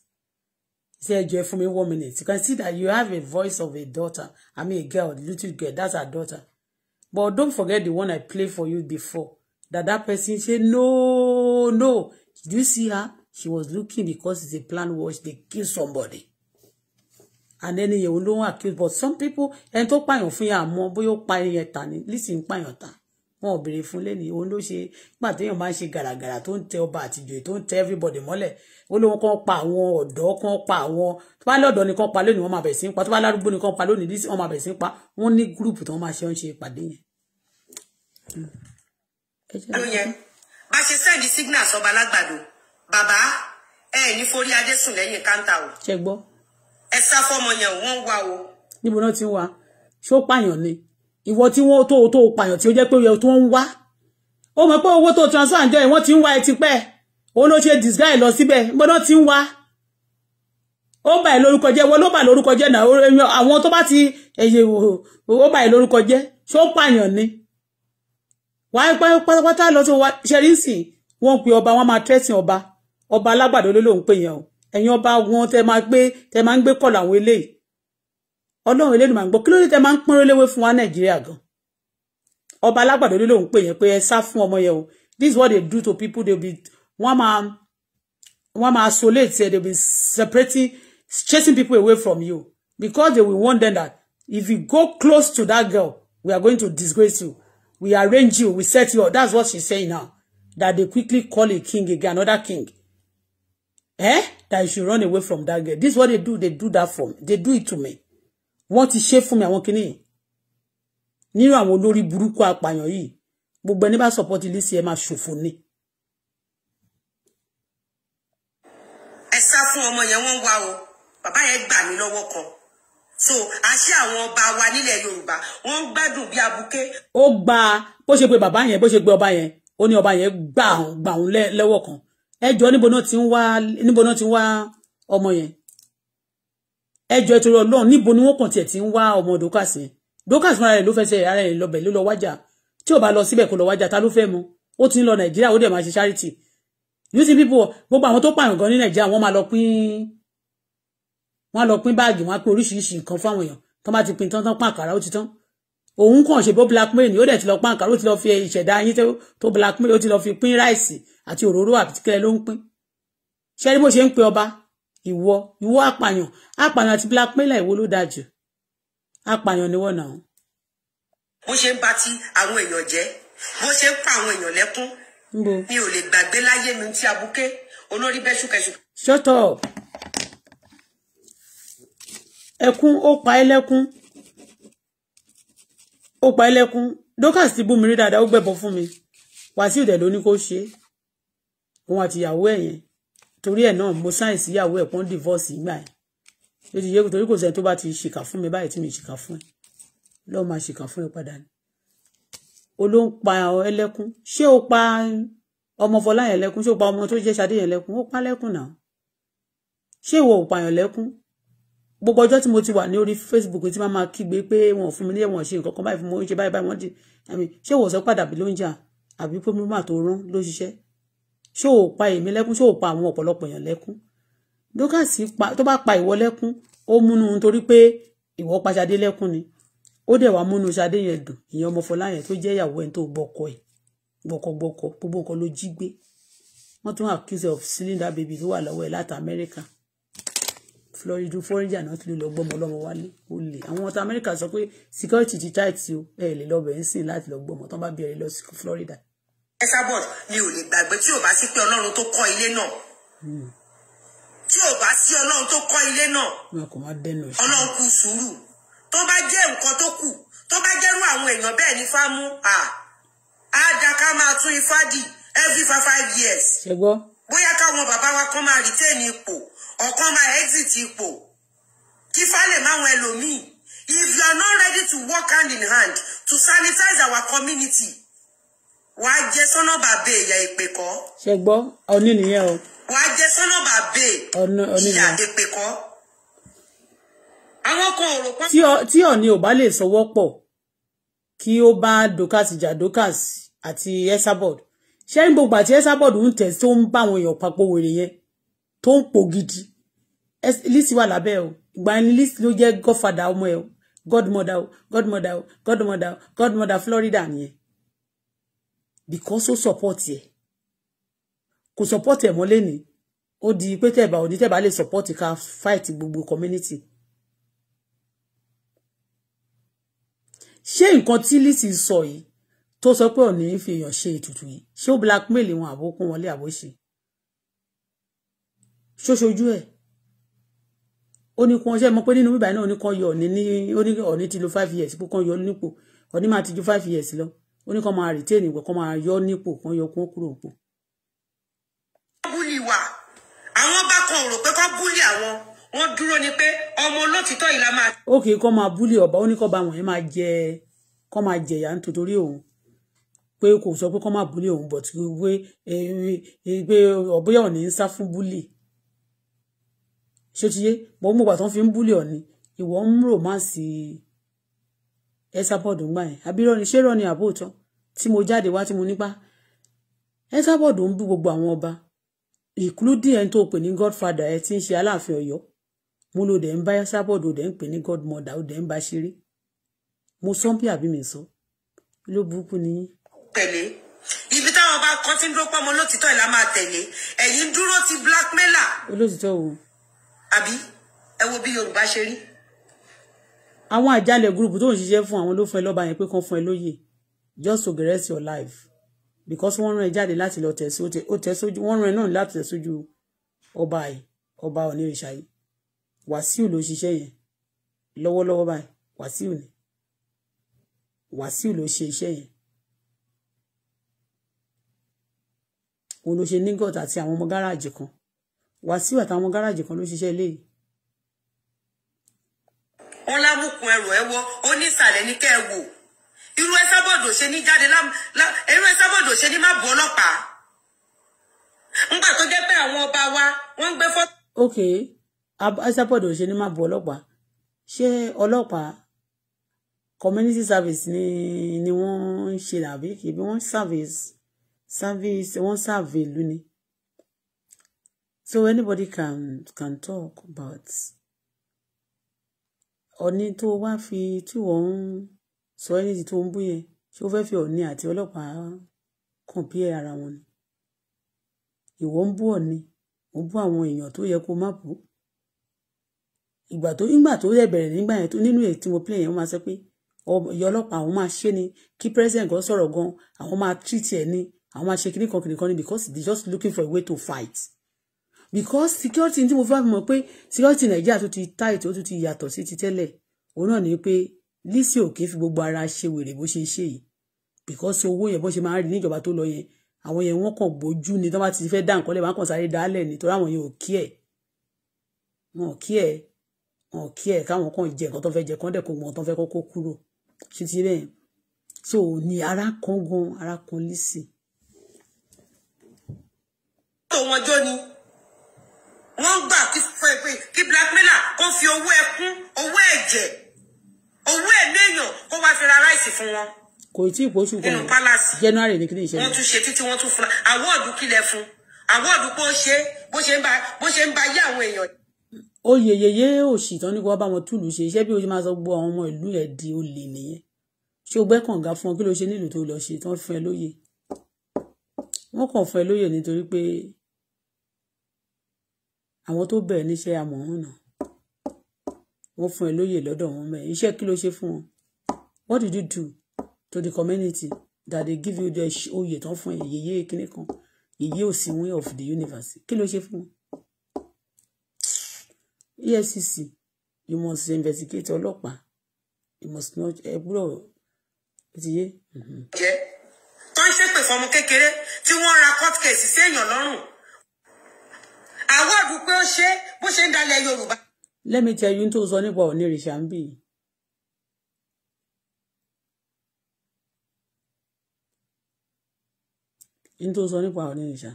said ẹjọ ẹ fún one minute you can see that you have a voice of a daughter i mean a girl little girl that's her daughter but don't forget the one i play for you before that that person said, no no did you see her she was looking because it's a planned war they kill somebody and then you ló ń accuse but some people ẹni tó pààyàn fún yà mọ bóyá ó pa ẹyẹ tà ní lísìn pààyàn tà wọn ò béèrè fún lẹ́nu òun ló ṣe nígbà téèyàn máa ń ṣe gàràgàrà tó ń tẹ ọba àtijọ́ tó ń tẹ everybody mọ́lẹ̀ ó lóun kan pa àwọn ọ̀dọ́ kan pa àwọn tó bá lọ́dọ̀ nìkan pa lónìí wọ́n máa bẹ̀rẹ̀ sí ń pa tó bá lárúgbó nìkan pa lónìí lísìn wọ́n máa bẹ̀rẹ̀ sí ń pa wọ́n ní gúrùpù tó wọ́n máa ṣe ń ṣe ìpàdé yẹn. bá hmm. a ṣe sẹ́ẹ̀dì signal sọba lágbàdo bàbá ẹ̀ ní forí adé sùn lẹ́yìn káńtà o. ṣe gbọ́ ẹ sá fọmọ yẹn wọ́n o. níbo náà ti ń wá ṣé ó pààyàn ni ìwọ tí wọ́n tó tó pààyàn tí ó jẹ́ pé oyè tó ń wá ó mọ̀ pé owó tó transfer àjọ yẹn wọ́n ti ń wá ẹ tipẹ́ òun ló ṣe disguise lọ síbẹ̀ níbo náà ti ń wá ó bà ẹ lórúkọ jẹ́ wọ́n ló bà lórúkọ jẹ́ náà àwọn tó bá ti ẹyẹ ó bà ẹ lórúkọ jẹ́ ṣé ó pààyàn ni wàá pátápátá lọ sí wa ṣẹrí sìn wọ́n pe ọba wọ́n máa tẹsán ọba ọba alágbàdo ló lóun pè yẹn o ẹ̀yin ọba wọn tẹ máa gbé tẹ máa ń gbé kọlù àwọn eléyìí ọlọ́run eléyìí máa ń gbọ́ kí ló dé tẹ máa ń pín léwé fún wa nàìjíríà gan ọba alágbàdo ló ń pè yẹn pé ẹ sá fún ọmọ yẹn o this is what they do to people they be wọn máa wọn máa isolate ẹ they be separating chasing people away from you because they will warn them that if you go close to that girl we are going to disgrace you we arrange you we set you up that's what she's saying now that they quickly call a king again another king eh that you should run away from that girl this is what they do they do that for me they do it to me wọ́n ti ṣe for me? I want yìí nínú àwọn olórí burúkú apààyàn yìí gbogbo ẹni bá support Lizzy ẹ máa ṣòfò ni. ẹ sá fún ọmọ yẹn wọ́n ń wá o bàbá yẹn gbà mí lọ́wọ́ kan so àṣé àwọn ọba wa nílẹ̀ Yorùbá wọ́n ń gbádùn bí abuké. ó gba bó ṣe pé bàbá yẹn bó ṣe pé ọba yẹn ó ní ọba yẹn gbà òun lọ́wọ́ kan ẹjọ́ níbo náà ti ń wá níbo náà ti ń wá ọmọ yẹn ẹjọ́ ìtòrò ọlọ́run níbo ni wọ́n kàn tiẹ̀ ti ń wá ọmọ Dorcas yẹn Dorcas fúnra rẹ̀ ló fẹsẹ̀ ara rẹ̀ lọ́bẹ̀ ló lọ wájà tí ò bá lọ síbẹ̀ kó lọ wájà ta ló fẹ́ mu ó ti ń lọ Nàìjíríà ó dẹ̀ máa ṣe charity using people gbogbo àwọn tó pààyàn gan ní Nàìjíríà wọ́n máa lọ pín wọ́n lọ pín báàgì wọ́n á pín oríṣiríṣi nǹkan fáwọn èèyàn tó bá ti pín tán tán pàkàrà ó ti tán òun kàn ṣe bó blackmail ni ó dẹ̀ ti lọ pín àkàrà ó ti lọ fi ìṣẹ̀dá yín tó blackmail ó ti lọ fi pín ráìsì àti òróró àbítíkẹ́lẹ́ ló ń pín ṣé bí mo ṣe ń pe ọba ìwọ ìwọ apààyàn apààyàn àti blackmailer ìwọ ló dáa jù apààyàn ni wọ́n náà. bó ṣe ń bá ti àwọn èèyàn jẹ́ bó ṣe ń pa àwọn èèyàn lẹ́kún mi ò lè gbàgbé láyé mi tí abuké olórí bẹ́ ṣúkẹ́ṣúkẹ́. shut up ẹkún ó pa ẹ́ lẹ́kún o pa ẹlẹ́kún Dorcas ti bú mi rí dáadáa ó gbẹ̀bọ̀ fún mi Wàsíù dẹ̀ ló ní kó ṣe òun àti ìyàwó ẹ̀ yẹn torí ẹ̀ náà mo sáyìn sí ìyàwó ẹ̀ pọ́n divorce ìgbà yẹn ó ti yé torí kò sẹ́ni tó bá ti ṣìkà fún mi báyìí tí mi ṣìkà fún ẹ lọ́ọ́ máa ṣìkà fún ẹ padà ni ó ló ń pa ẹlẹ́kún ṣé ó pa ọmọ Fọlá yẹn lẹ́kún ṣé ó pa ọmọ tó jẹ́ Ṣadé yẹn lẹ́kún ó pa lẹ́kún náà ṣé ìwọ ò pààyàn lẹ́kún gbogbo ọjọ́ tí mo ti wà ní orí Facebook tí máa máa kígbe pé wọn ò fún mi ní ẹ̀wọ̀n ṣe nǹkan kan báyìí fún mi ó ń ṣe báyìí báyìí wọ́n dì àmì ṣé wò sọ padà bí ló ń jà àbí pé mímọ́ àtò rán ló ṣiṣẹ́ ṣé ò pa èmi lẹ́kún ṣé ò pa àwọn ọ̀pọ̀lọpọ̀ èèyàn lẹ́kún dókàsí tó bá pa ìwọ lẹ́kún ó múnú nítorí pé ìwọ pa lẹ́kún ni ó dẹ̀ wá múnú Ṣadé yẹn dùn ìyẹn ọmọ Fọlá yẹn tó jẹ́ ìyàwó ẹ̀ accuse of stealing that baby tó wà lọ́wọ́ ẹ̀ láti floridu florida náà ti lè lọ gbọ́mọ lọ́mọ wálé ó lè àwọn ọ̀tá amẹ́ríkà sọ pé security ti tight o ẹ lè lọ bẹ̀rẹ̀ sí láti lọ gbọ́mọ tán bá bí ẹ lọ sí florida. Esabod ni ò lè gbàgbé tí ò bá sí pé ọlọ́run tó kọ́ ilé náà hmm. tí ò bá sí ọlọ́run tó kọ́ ilé náà ọlọ́run kù sùúrù tó bá jẹ́ nǹkan tó kù tó bá jẹ́rú àwọn èèyàn bẹ́ẹ̀ ní fámú à á da ká máa tún ifá dì every five five years bóyá káwọn bàbá wa kan máa retain ipò ọ̀kan máa exit ipò kí falẹ̀ máwọn ẹlòmíì if you are not ready to work hand in hand to sanitize our community wà á jẹ sọ́nà bàbá ìyá ìpè kọ́. ṣe gbọ́ ọní nìyẹn o. wà á jẹ sọ́nà bàbá ìyá ìpè kọ́. àwọn kan ò rò pé. tí ọ̀ni ò bá lè sọwọ́ pọ̀ kí ó bá Dorkas jà Dorkas àti Esabod ṣé ní gbogbo àti Esabod ń tẹ̀ tó ń bá àwọn èèyàn papọ̀ wèrè yẹn tó ń pò gidi Lizzy wà lábẹ́ o ìgbà ni Lizzy ló jẹ́ godfather ọmọ ẹ̀ o godmother o godmother o godmother o godmother Florida nìyẹn because ó support ẹ̀ kò support ẹ̀ mọ́lé ni ó di pé tẹ̀bà ò ní tẹ̀bà lè support ká fight gbogbo community. ṣé nǹkan tí Lizzy sọ yìí tó sọ pé òní fi èèyàn ṣe ètùtù yìí ṣé ó blackmail wọn àbókún wọlé àbóṣe ṣoṣojú e ó ní kí wọ́n ṣe mọ̀ pé nínú bíbáyìí náà ó ní kàn yọ ọ̀ní ní ó ní ọ̀ní ti lo five years pé kàn yọ nípò ọ̀ní máa ti ju five years lọ ó ní kàn máa retain ìwẹ̀ kàn máa yọ nípò kàn yọ kún kúrò nípò. búlì wà àwọn bá kan rò pé kán búlì àwọn wọn dúró ni pé ọmọ olótìtọ́ ìlà máa. ó kì í kọ́ máa búlì ọba ó ní kọ́ e wọn yẹn máa jẹ kọ́ máa jẹ̀yà nítorí òun pé kò sọ pé kọ́ máa búlì òun bọ̀ e eh, eh, pé pé ọ̀bóyà ò ní í sá fún búlì ṣó ti yé bọ́ mo gbà tó ń fi ń búlẹ̀ ọ̀ni ìwọ ń rò má sí ẹ́sàpọ̀dù ńgbà yẹn àbí rọ́ni ṣé rọ́ni tí mo jáde wá tí mo nípa ẹ́sàpọ̀dù ń bú gbogbo àwọn ọba including ẹni tó pè ní godfather ẹ ti ń ṣe aláàfin Ọ̀yọ́ mo lò dẹ̀ ń bá ẹ́sàpọ̀dù dẹ̀ ń pè ní godmother ó dẹ̀ ń bá ṣeré mo sọ bí àbí mi sọ ló burúkú nìyí. tẹ̀lé ibi táwọn bá kọ́ tí ń dúró pọ́nmọ́ lótìtọ́ ìlà máa tẹ̀lé ẹ̀yìn dúró ti blackmailer. olótìtọ́ wo àbí ẹ wo bí yorùbá ṣe rí. àwọn àjálẹ̀ gúrùpù tó ń ṣiṣẹ́ fún àwọn ló fún ẹ lọ́ba yẹn pé kán fún ẹ lóye just to rest your life because wọ́n rán ẹ jáde láti lọ tẹ̀sí ó tẹ̀sójú wọ́n rán ẹ náà láti tẹ̀sójú ọba yìí ọba onírìṣà yìí wàsíù ló ṣiṣẹ́ yẹn lọ́wọ́lọ́wọ́ báyìí wàsíù ni wàsíù ló ṣe iṣẹ́ yẹn òun ló ṣe nígọ̀t àti àwọn ọmọ gáràjì kan Wàsíù àtàwọn gáràjì kan ló ṣiṣẹ́ eléyìí. wọn lábùkún ẹrù ẹ wọ ó ní ìsàlẹ̀ ní kẹ́ ẹ wò irú ẹ sábọ̀dọ̀ ṣe ní jáde irú ẹ sábọ̀dọ̀ ṣe ní má bọ́ ọlọ́pàá ńgbà tó jẹ́ pé àwọn ọba wa wọ́n ń gbé fọ́. ok ẹ sábọ̀dọ̀ ṣe ní má bọ́ ọlọ́pàá ṣé ọlọ́pàá community service ni ni wọ́n ń ṣe àbí kì í bí wọ́n service service wọ́n serve ìlú ni. So anybody can can talk but Ọ̀ní tó wá fi tí wọ́n ń sọ ẹni tó ń bú yẹn ṣé ó fẹ́ fi Ọ̀ní àti ọlọ́pàá kàn bí ara wọn ni ìwọ ń bú Ọ̀ní ó bú àwọn èèyàn tó yẹ kó má bú ìgbà to ìgbà tó yẹ bẹ̀rẹ̀ nígbà yẹn tó nínú èyí tí mo play yẹn wọ́n máa sọ pé ìyá ọlọ́pàá àwọn máa ṣe ni kí president kan sọ̀rọ̀ gan àwọn máa treat ẹ̀ ni àwọn máa ṣe kíní kan kìnìkan ni because they just looking for a way to fight because security tí mo fẹ́ mọ̀ pé security nàìjíríà tó ti tight ó tún ti yàtọ̀ sí ti tẹ́lẹ̀ òun náà ni pé Lizzy ò kì í fi gbogbo ara ṣe wèrè bó ṣe ń ṣe yìí because owó yẹn bó ṣe máa ń rí níjọba tó lọ yẹn àwọn yẹn wọ́n kàn gbójú ni tó bá ti fẹ́ dá nǹkan lẹ̀ wọ́n kàn sáré dálẹ̀ nítorí àwọn yẹn ò kí ẹ̀ wọn ò kí ẹ̀ wọn ò kí ẹ̀ káwọn kàn jẹ nǹkan tó fẹ́ jẹ kán dẹ̀ kó wọn tó fẹ́ kọ́kọ́ kúrò ṣe ti bẹ́ẹ̀ so ni ara kan gan ara kan Lizzy. ọjọ́ ni wọ́n gbà kí blackmailer kó fi owó ẹkún owó ẹ̀jẹ̀ owó ẹ̀mẹ́yàn kó wá fi ra ráìsì fún wọn. kò tí ì pọ́ṣù kan January ní kí ni ìṣẹ̀lẹ̀. wọ́n tún ṣe títí wọ́n tún fún àwọ́ọ̀dù kílẹ̀ fún àwọ́ọ̀dù bó ṣe bó ṣe ń ba yé àwọn èèyàn. ó yeyeye òṣì tán ní kó wá bá wọn túlù ṣe iṣẹ́ bí o ṣe máa sọ gbọ́ àwọn ọmọ ìlú ẹ̀ di olè nìyẹn ṣé o gbẹ́ kànga fún ọ kí ló ṣe nílùú tó lọ ṣe tán fún ẹ lóye wọ́n kàn fún ẹ lóye nítorí pé àwọn tó bẹ̀rẹ̀ níṣẹ́ amọ̀húnà wọ́n fún ẹ lóyè lọ́dọ̀ wọn mẹ́ iṣẹ́ kí ló ṣe fún wọn what did you do to the community that they give you the oyè tán fún ẹ yeye kíní kan yeye òsínwín of the universe kí ló ṣe fún wọn EFCC you must investigate ọlọ́pàá you must not ẹ gbúdọ̀ ti yé. jẹ́ tó ń ṣépè fọmọ kékeré tí wọ́n ra court case sí èèyàn lọ́rùn àwọ̀dù pé ó ṣe bó ṣe ń dalẹ̀ Yorùbá. let me tell you tó sọ nípa onírìṣà ń bì. n tó sọ nípa onírìṣà.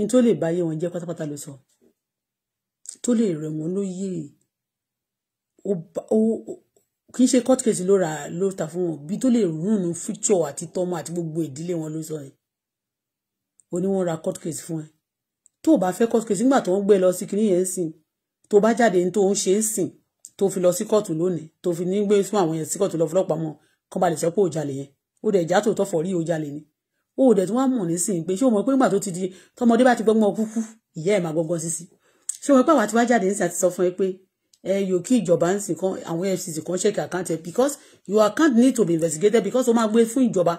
n tó lè báyé wọn jẹ́ pátápátá ló sọ tó lè rẹ̀ wọ́n lóyè ó kì í ṣe court case ló ra ló ta fún wọn bí tó lè rúnnu future àti tọmọ àti gbogbo ìdílé wọn ló sọ yẹn ó ní wọn ra court case fún ẹ tó o bá fẹ́ court case nígbà tó ń gbé lọ sí kinní yẹn sìn tó bá jáde ní tó ń ṣe é sìn tó fi lọ sí kóòtù lónìí tó fi ní gbé fún àwọn yẹn sí kóòtù lọ fọlọ́pàá mọ́ kán ba lè sọ pé ó jalè yẹn ó dẹ̀ já tòótọ́ fọ̀ rí ó jalè ni ó dẹ̀ tí wọ́n á mọ̀ ní sìn pé ṣé o mọ̀ pé nígbà tó ti di tọmọdé bá ti gbọ́ngbọ́n kúkú ìyá ẹ̀ máa gbọ́ngbọ́n sísí ṣé o mọ̀ pé àwa ti wá jáde ní sìn fún ẹ pé yòókì ìjọba ń sìn kan àwọn efcc kan ṣẹ̀kì àkáǹtì ẹ̀ because your account need to be investigated because o máa gbé fún ìjọba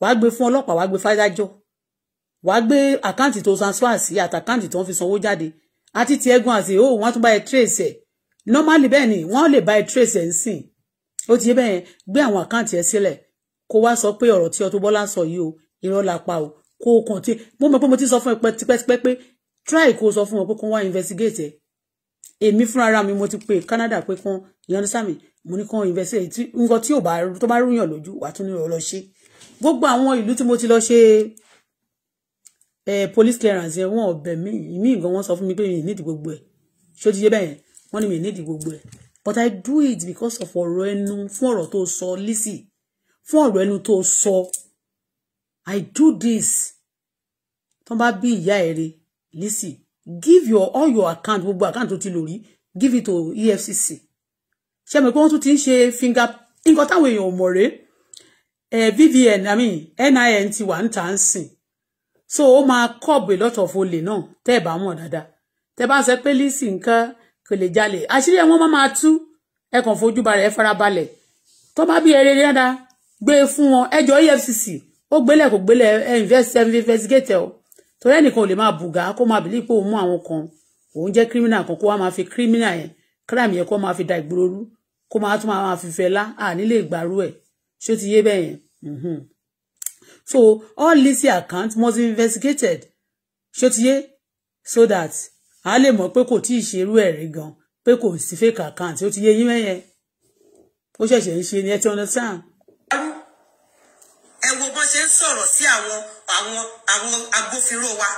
wàá gbé fún ọlọ́pàá wàá gbé fádájọ́ wàá gbé àkáǹtì tó transfer sí àti àkáǹtì tó ń fi sanwó jáde àti ti ẹ̀gbọ́n àti ìhó wọn tún bá ẹ trace ẹ normally bẹ́ẹ̀ ni wọ́n lè bá ẹ trace ẹ ń sìn ó ti yé bẹ́ẹ̀ gbé àwọn àkáǹtì ẹ sílẹ̀ kó wá sọ pé ọ̀rọ̀ tí Auto Bola sọ yìí o irọ́ la pa o kó o kàn tí mo mọ̀ pé mo ti sọ fún ẹ tipẹ́tipẹ́ pé try kó o sọ fún wọn pé kó wá investigate ẹ èmi fúnra ara mi mo ti pè Canada pé kan ìyannisàmì mo ní kan investigate nǹkan tí ò bá tó bá rúyàn lójú wà tún ní ọ lọ ṣe gbogbo àwọn ìlú tí mo ti lọ ṣe eh, police clearance yẹn wọn ọbẹ mi ìmí nǹkan wọn sọ fún mi pé mi nídìí gbogbo ẹ ṣó ti yé bẹ́yẹn wọn ní mi nídìí gbogbo ẹ but I do it because of ọ̀rọ̀ ẹnu fún ọ̀rọ̀ tó sọ Lizzy fún ọ̀rọ̀ ẹnu tó sọ I do this tó bá bí ìyá ẹ̀ re Lizzy give your all your account gbogbo account tó ti lò give it to EFCC ṣe mọ̀ pé wọ́n tún ti ń finger nǹkan táwọn èèyàn ò mọ̀ rèé eh, vvn i mean NINT ti wà ń tà ń sìn so ó máa kọ́ọ̀bù lọ́tọ̀ fọlè náà tẹ́ ẹ̀ bá mọ̀ dáadáa tẹ́ bá sọ pé lísì nǹkan kò lè jalè àṣírí ẹ̀ wọ́n máa máa tú ẹ kàn fojú balẹ̀ ẹ farabalẹ̀ tó bá bí eré dáadáa gbé e fún efcc ó gbélé kò gbélé ẹ invest ẹ torí ẹnìkan ò lè máa bùgà kó máa bìlí pé òun mú àwọn kan òun jẹ́ criminal, kan kó wá máa fi criminal, yẹn kírámì yẹn kó máa fi da ìgboro rú kó máa tún máa fi fẹ́ lá à nílé ìgbàrú ẹ̀ ṣé ó ti yé bẹ́ẹ̀ yẹn mm-hmm. so all lisi account must be investigated ṣé ó ti yé so that a lè mọ̀ pé kò tí ì ṣerú ẹ̀ rí gan pé kò sí fake account ó ti yé yín mẹ́yẹn ó ṣẹ̀ṣẹ̀ ń ṣe ni ẹ ti understand ẹ wo bọ́n ṣe ń sọ̀rọ̀ sí àwọn àwọn àwọn agbófinró wa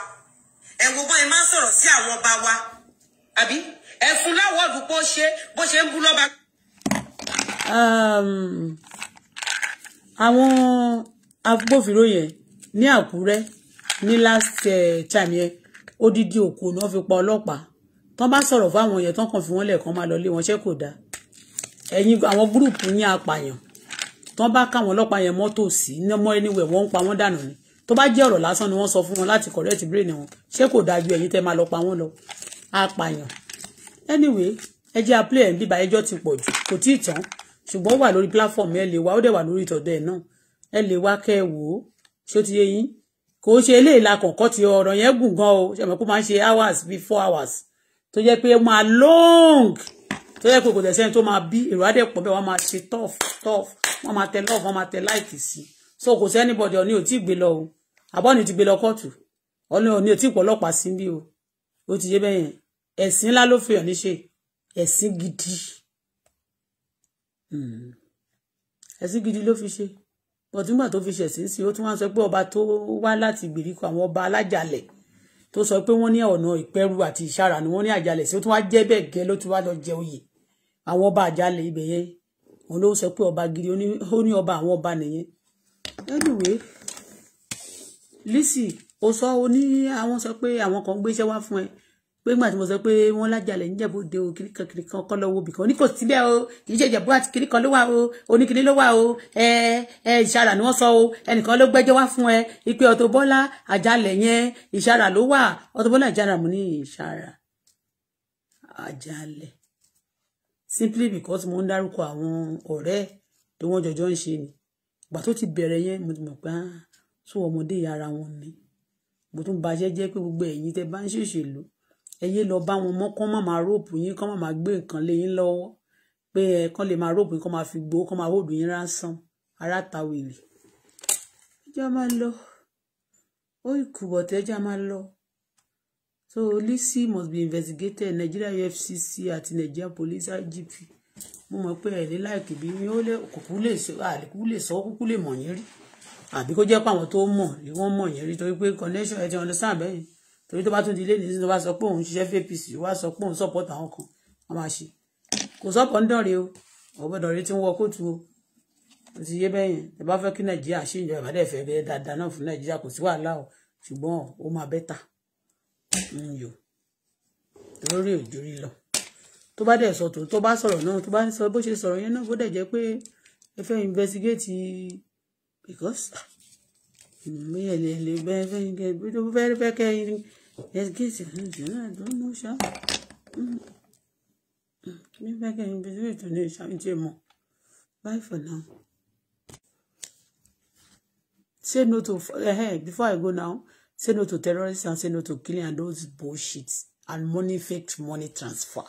ẹ wo bọ́n ẹ máa ń sọ̀rọ̀ sí àwọn ọba wa àbí ẹ fún láwọ́ọ̀dù ṣe bó ṣe ń bú lọ́ba. Um, àwọn agbófinró yẹn ní Àkúrẹ́ ní last eh, time yẹn odidi òkú náà fi pa ọlọ́pàá tán bá sọ̀rọ̀ fún àwọn yẹn tán kàn fi wọ́n lẹ̀ máa lọ lé wọn ṣé kò dáa ẹ̀yin àwọn gúrùpù ní apààyàn tán bá káwọn ọlọ́pàá yẹn mọ́tò sí ní ọmọ wọ́n ń pa wọ́n dànù ni tó bá jẹ́ ọ̀rọ̀ lásán ni wọ́n sọ fún wọn láti correct brain wọn ṣé kò dájú ẹ̀yin tẹ́ máa lọ pa wọ́n lọ apààyàn anyway ẹ jẹ́ àplé ẹ̀ ń bíbá ẹjọ́ ti pọ̀ jù kò tí ì tán ṣùgbọ́n wà lórí platform ẹ lè wá ó dẹ̀ wà lórí ìtọ́dọ̀ ẹ̀ náà ẹ lè wá kẹ́ ẹ wò ó ṣó ti yé yín kò ṣe eléyìí la kọ̀ọ̀kọ́ ti ọ̀rọ̀ yẹn gùn gan o ṣe máa ń ṣe hours before hours tó jẹ́ pé ó máa long tó yẹ kò dẹ̀ tó máa bí èrò àdẹ̀pọ̀ bẹ́ẹ̀ wọ́n máa ṣe tough tough wọ́n máa tẹ love wọ́n máa tẹ like sí so kò sí anybody ọ̀ní ò tí gbé lọ o àbọ̀nì ti gbé lọ kóòtù ọ̀ní ọ̀ní ò tí pọ̀ ọlọ́pàá sí bí o ó ti yé bẹ́yẹn ẹ̀sìn ńlá ló fi hàn níṣe ẹ̀sìn gidi hmm. ẹ̀sìn gidi ló fi ṣe bọ̀túngbà tó fi ṣẹ̀sìn sí ó tún wá sọ pé ọba tó wá láti ìgbèríko àwọn ọba alájàlẹ̀ tó sọ pé wọ́n ní ọ̀nà ìpẹ́rù àti ìṣara ni wọ́n ní àjàlẹ̀ sí ó tún wá jẹ́ bẹ́ẹ̀ gẹ́ ló tún wá lọ jẹ oyè àwọn ọba àjálẹ̀ ibẹ̀ yẹn òun ló sọ pé ọba gidi ó ní ọba àwọn ọba nìyẹn anyway Lizzy ó sọ ó ní àwọn sọ pé àwọn kan gbéṣẹ́ wá fún ẹ pé nígbà tí mo sọ pé wọ́n lájàlẹ̀ ń jẹ̀bú de o kìnìkan kìnìkan kọ́ lọ́wọ́ bìkan oníkò síbẹ̀ o kì í ṣe ìjẹ̀bú àti kìnìkan ló wà o oníkìnì ló wà o ẹ ẹ ìṣàrà ni wọ́n sọ o ẹnìkan ló gbẹ́jọ́ wá fún ẹ ipe Auto Bola àjàlẹ̀ yẹn ìṣàrà ló wà Auto Bola àjàrà mo ní ìṣàrà àjàlẹ̀ simply because mo ń dárúkọ àwọn ọ̀rẹ́ tí wọ́n jọjọ́ ń ṣe ni ìgbà tó ti bẹ̀rẹ̀ yẹn mo ti mọ̀ pé ah tó ọmọdé ara wọn ni mo tún bàjẹ́ jẹ́ pé gbogbo ẹ̀yin tẹ́ bá ń ṣèṣèlú ẹyẹ lọ bá wọn mọ́ kán má máa róòpù yín kán má máa gbé nǹkan lé yín lọ́wọ́ pé ẹ kán lè máa róòpù yín kán máa fi gbowó kán máa hóòdù yín ránṣán ara ta wèrè ẹjọ́ máa lọ ó ìkùbọ̀tẹ́jà máa lọ So Lizzy must be investigated Nigeria EFCC àti Nigeria Police IGP mo mọ̀ pé ẹ lè láìkì bí mi ó lè kúkú lè sọ àlékú lè sọ kúkú lè mọ̀ yín rí àbí kó jẹ́ pé àwọn tó mọ̀ ni wọ́n mọ̀ yín to torí pé connection ẹ ti understand bẹ́ẹ̀ yẹn torí tó bá tún di ilé nìyí to bá sọ pé òun ṣiṣẹ́ fapc wá sọ pé òun support àwọn kan wọ́n máa ṣe kò sọpọ ń dọ̀rẹ́ o ọ̀gbọ́dọ̀ rí tí ń wọ kóòtù o ó ti yé bẹ́ẹ̀ yẹn ẹ bá fẹ́ kí Nàìjíríà ṣèjọba ìbàdàn ìfẹ́ bẹ́ẹ̀ dáadáa náà fún Nàìjíríà kò sí wàhálà o ṣùgbọ́n ó máa bẹ́tà nínú yòó lórí òjòrí lọ tó bá dẹ̀ sọ tó tó bá sọ̀rọ̀ náà tó bá ń sọ bó ṣe sọ̀rọ̀ yẹn náà bó dẹ̀ jẹ́ pé ẹ fẹ́ investigate because ìmúyẹ̀ ah, lè lè bẹ́ ẹ fẹ́ fẹ́ fẹ́ kẹ́ investigate lójú náà tó ń mú ṣá mi fẹ́ kẹ́ investigate tó ní ìṣàǹtì mọ̀ bye for now say no to uh, before I go now. Say no to terrorism and say no to killing and those bullshit and money fake money transfer.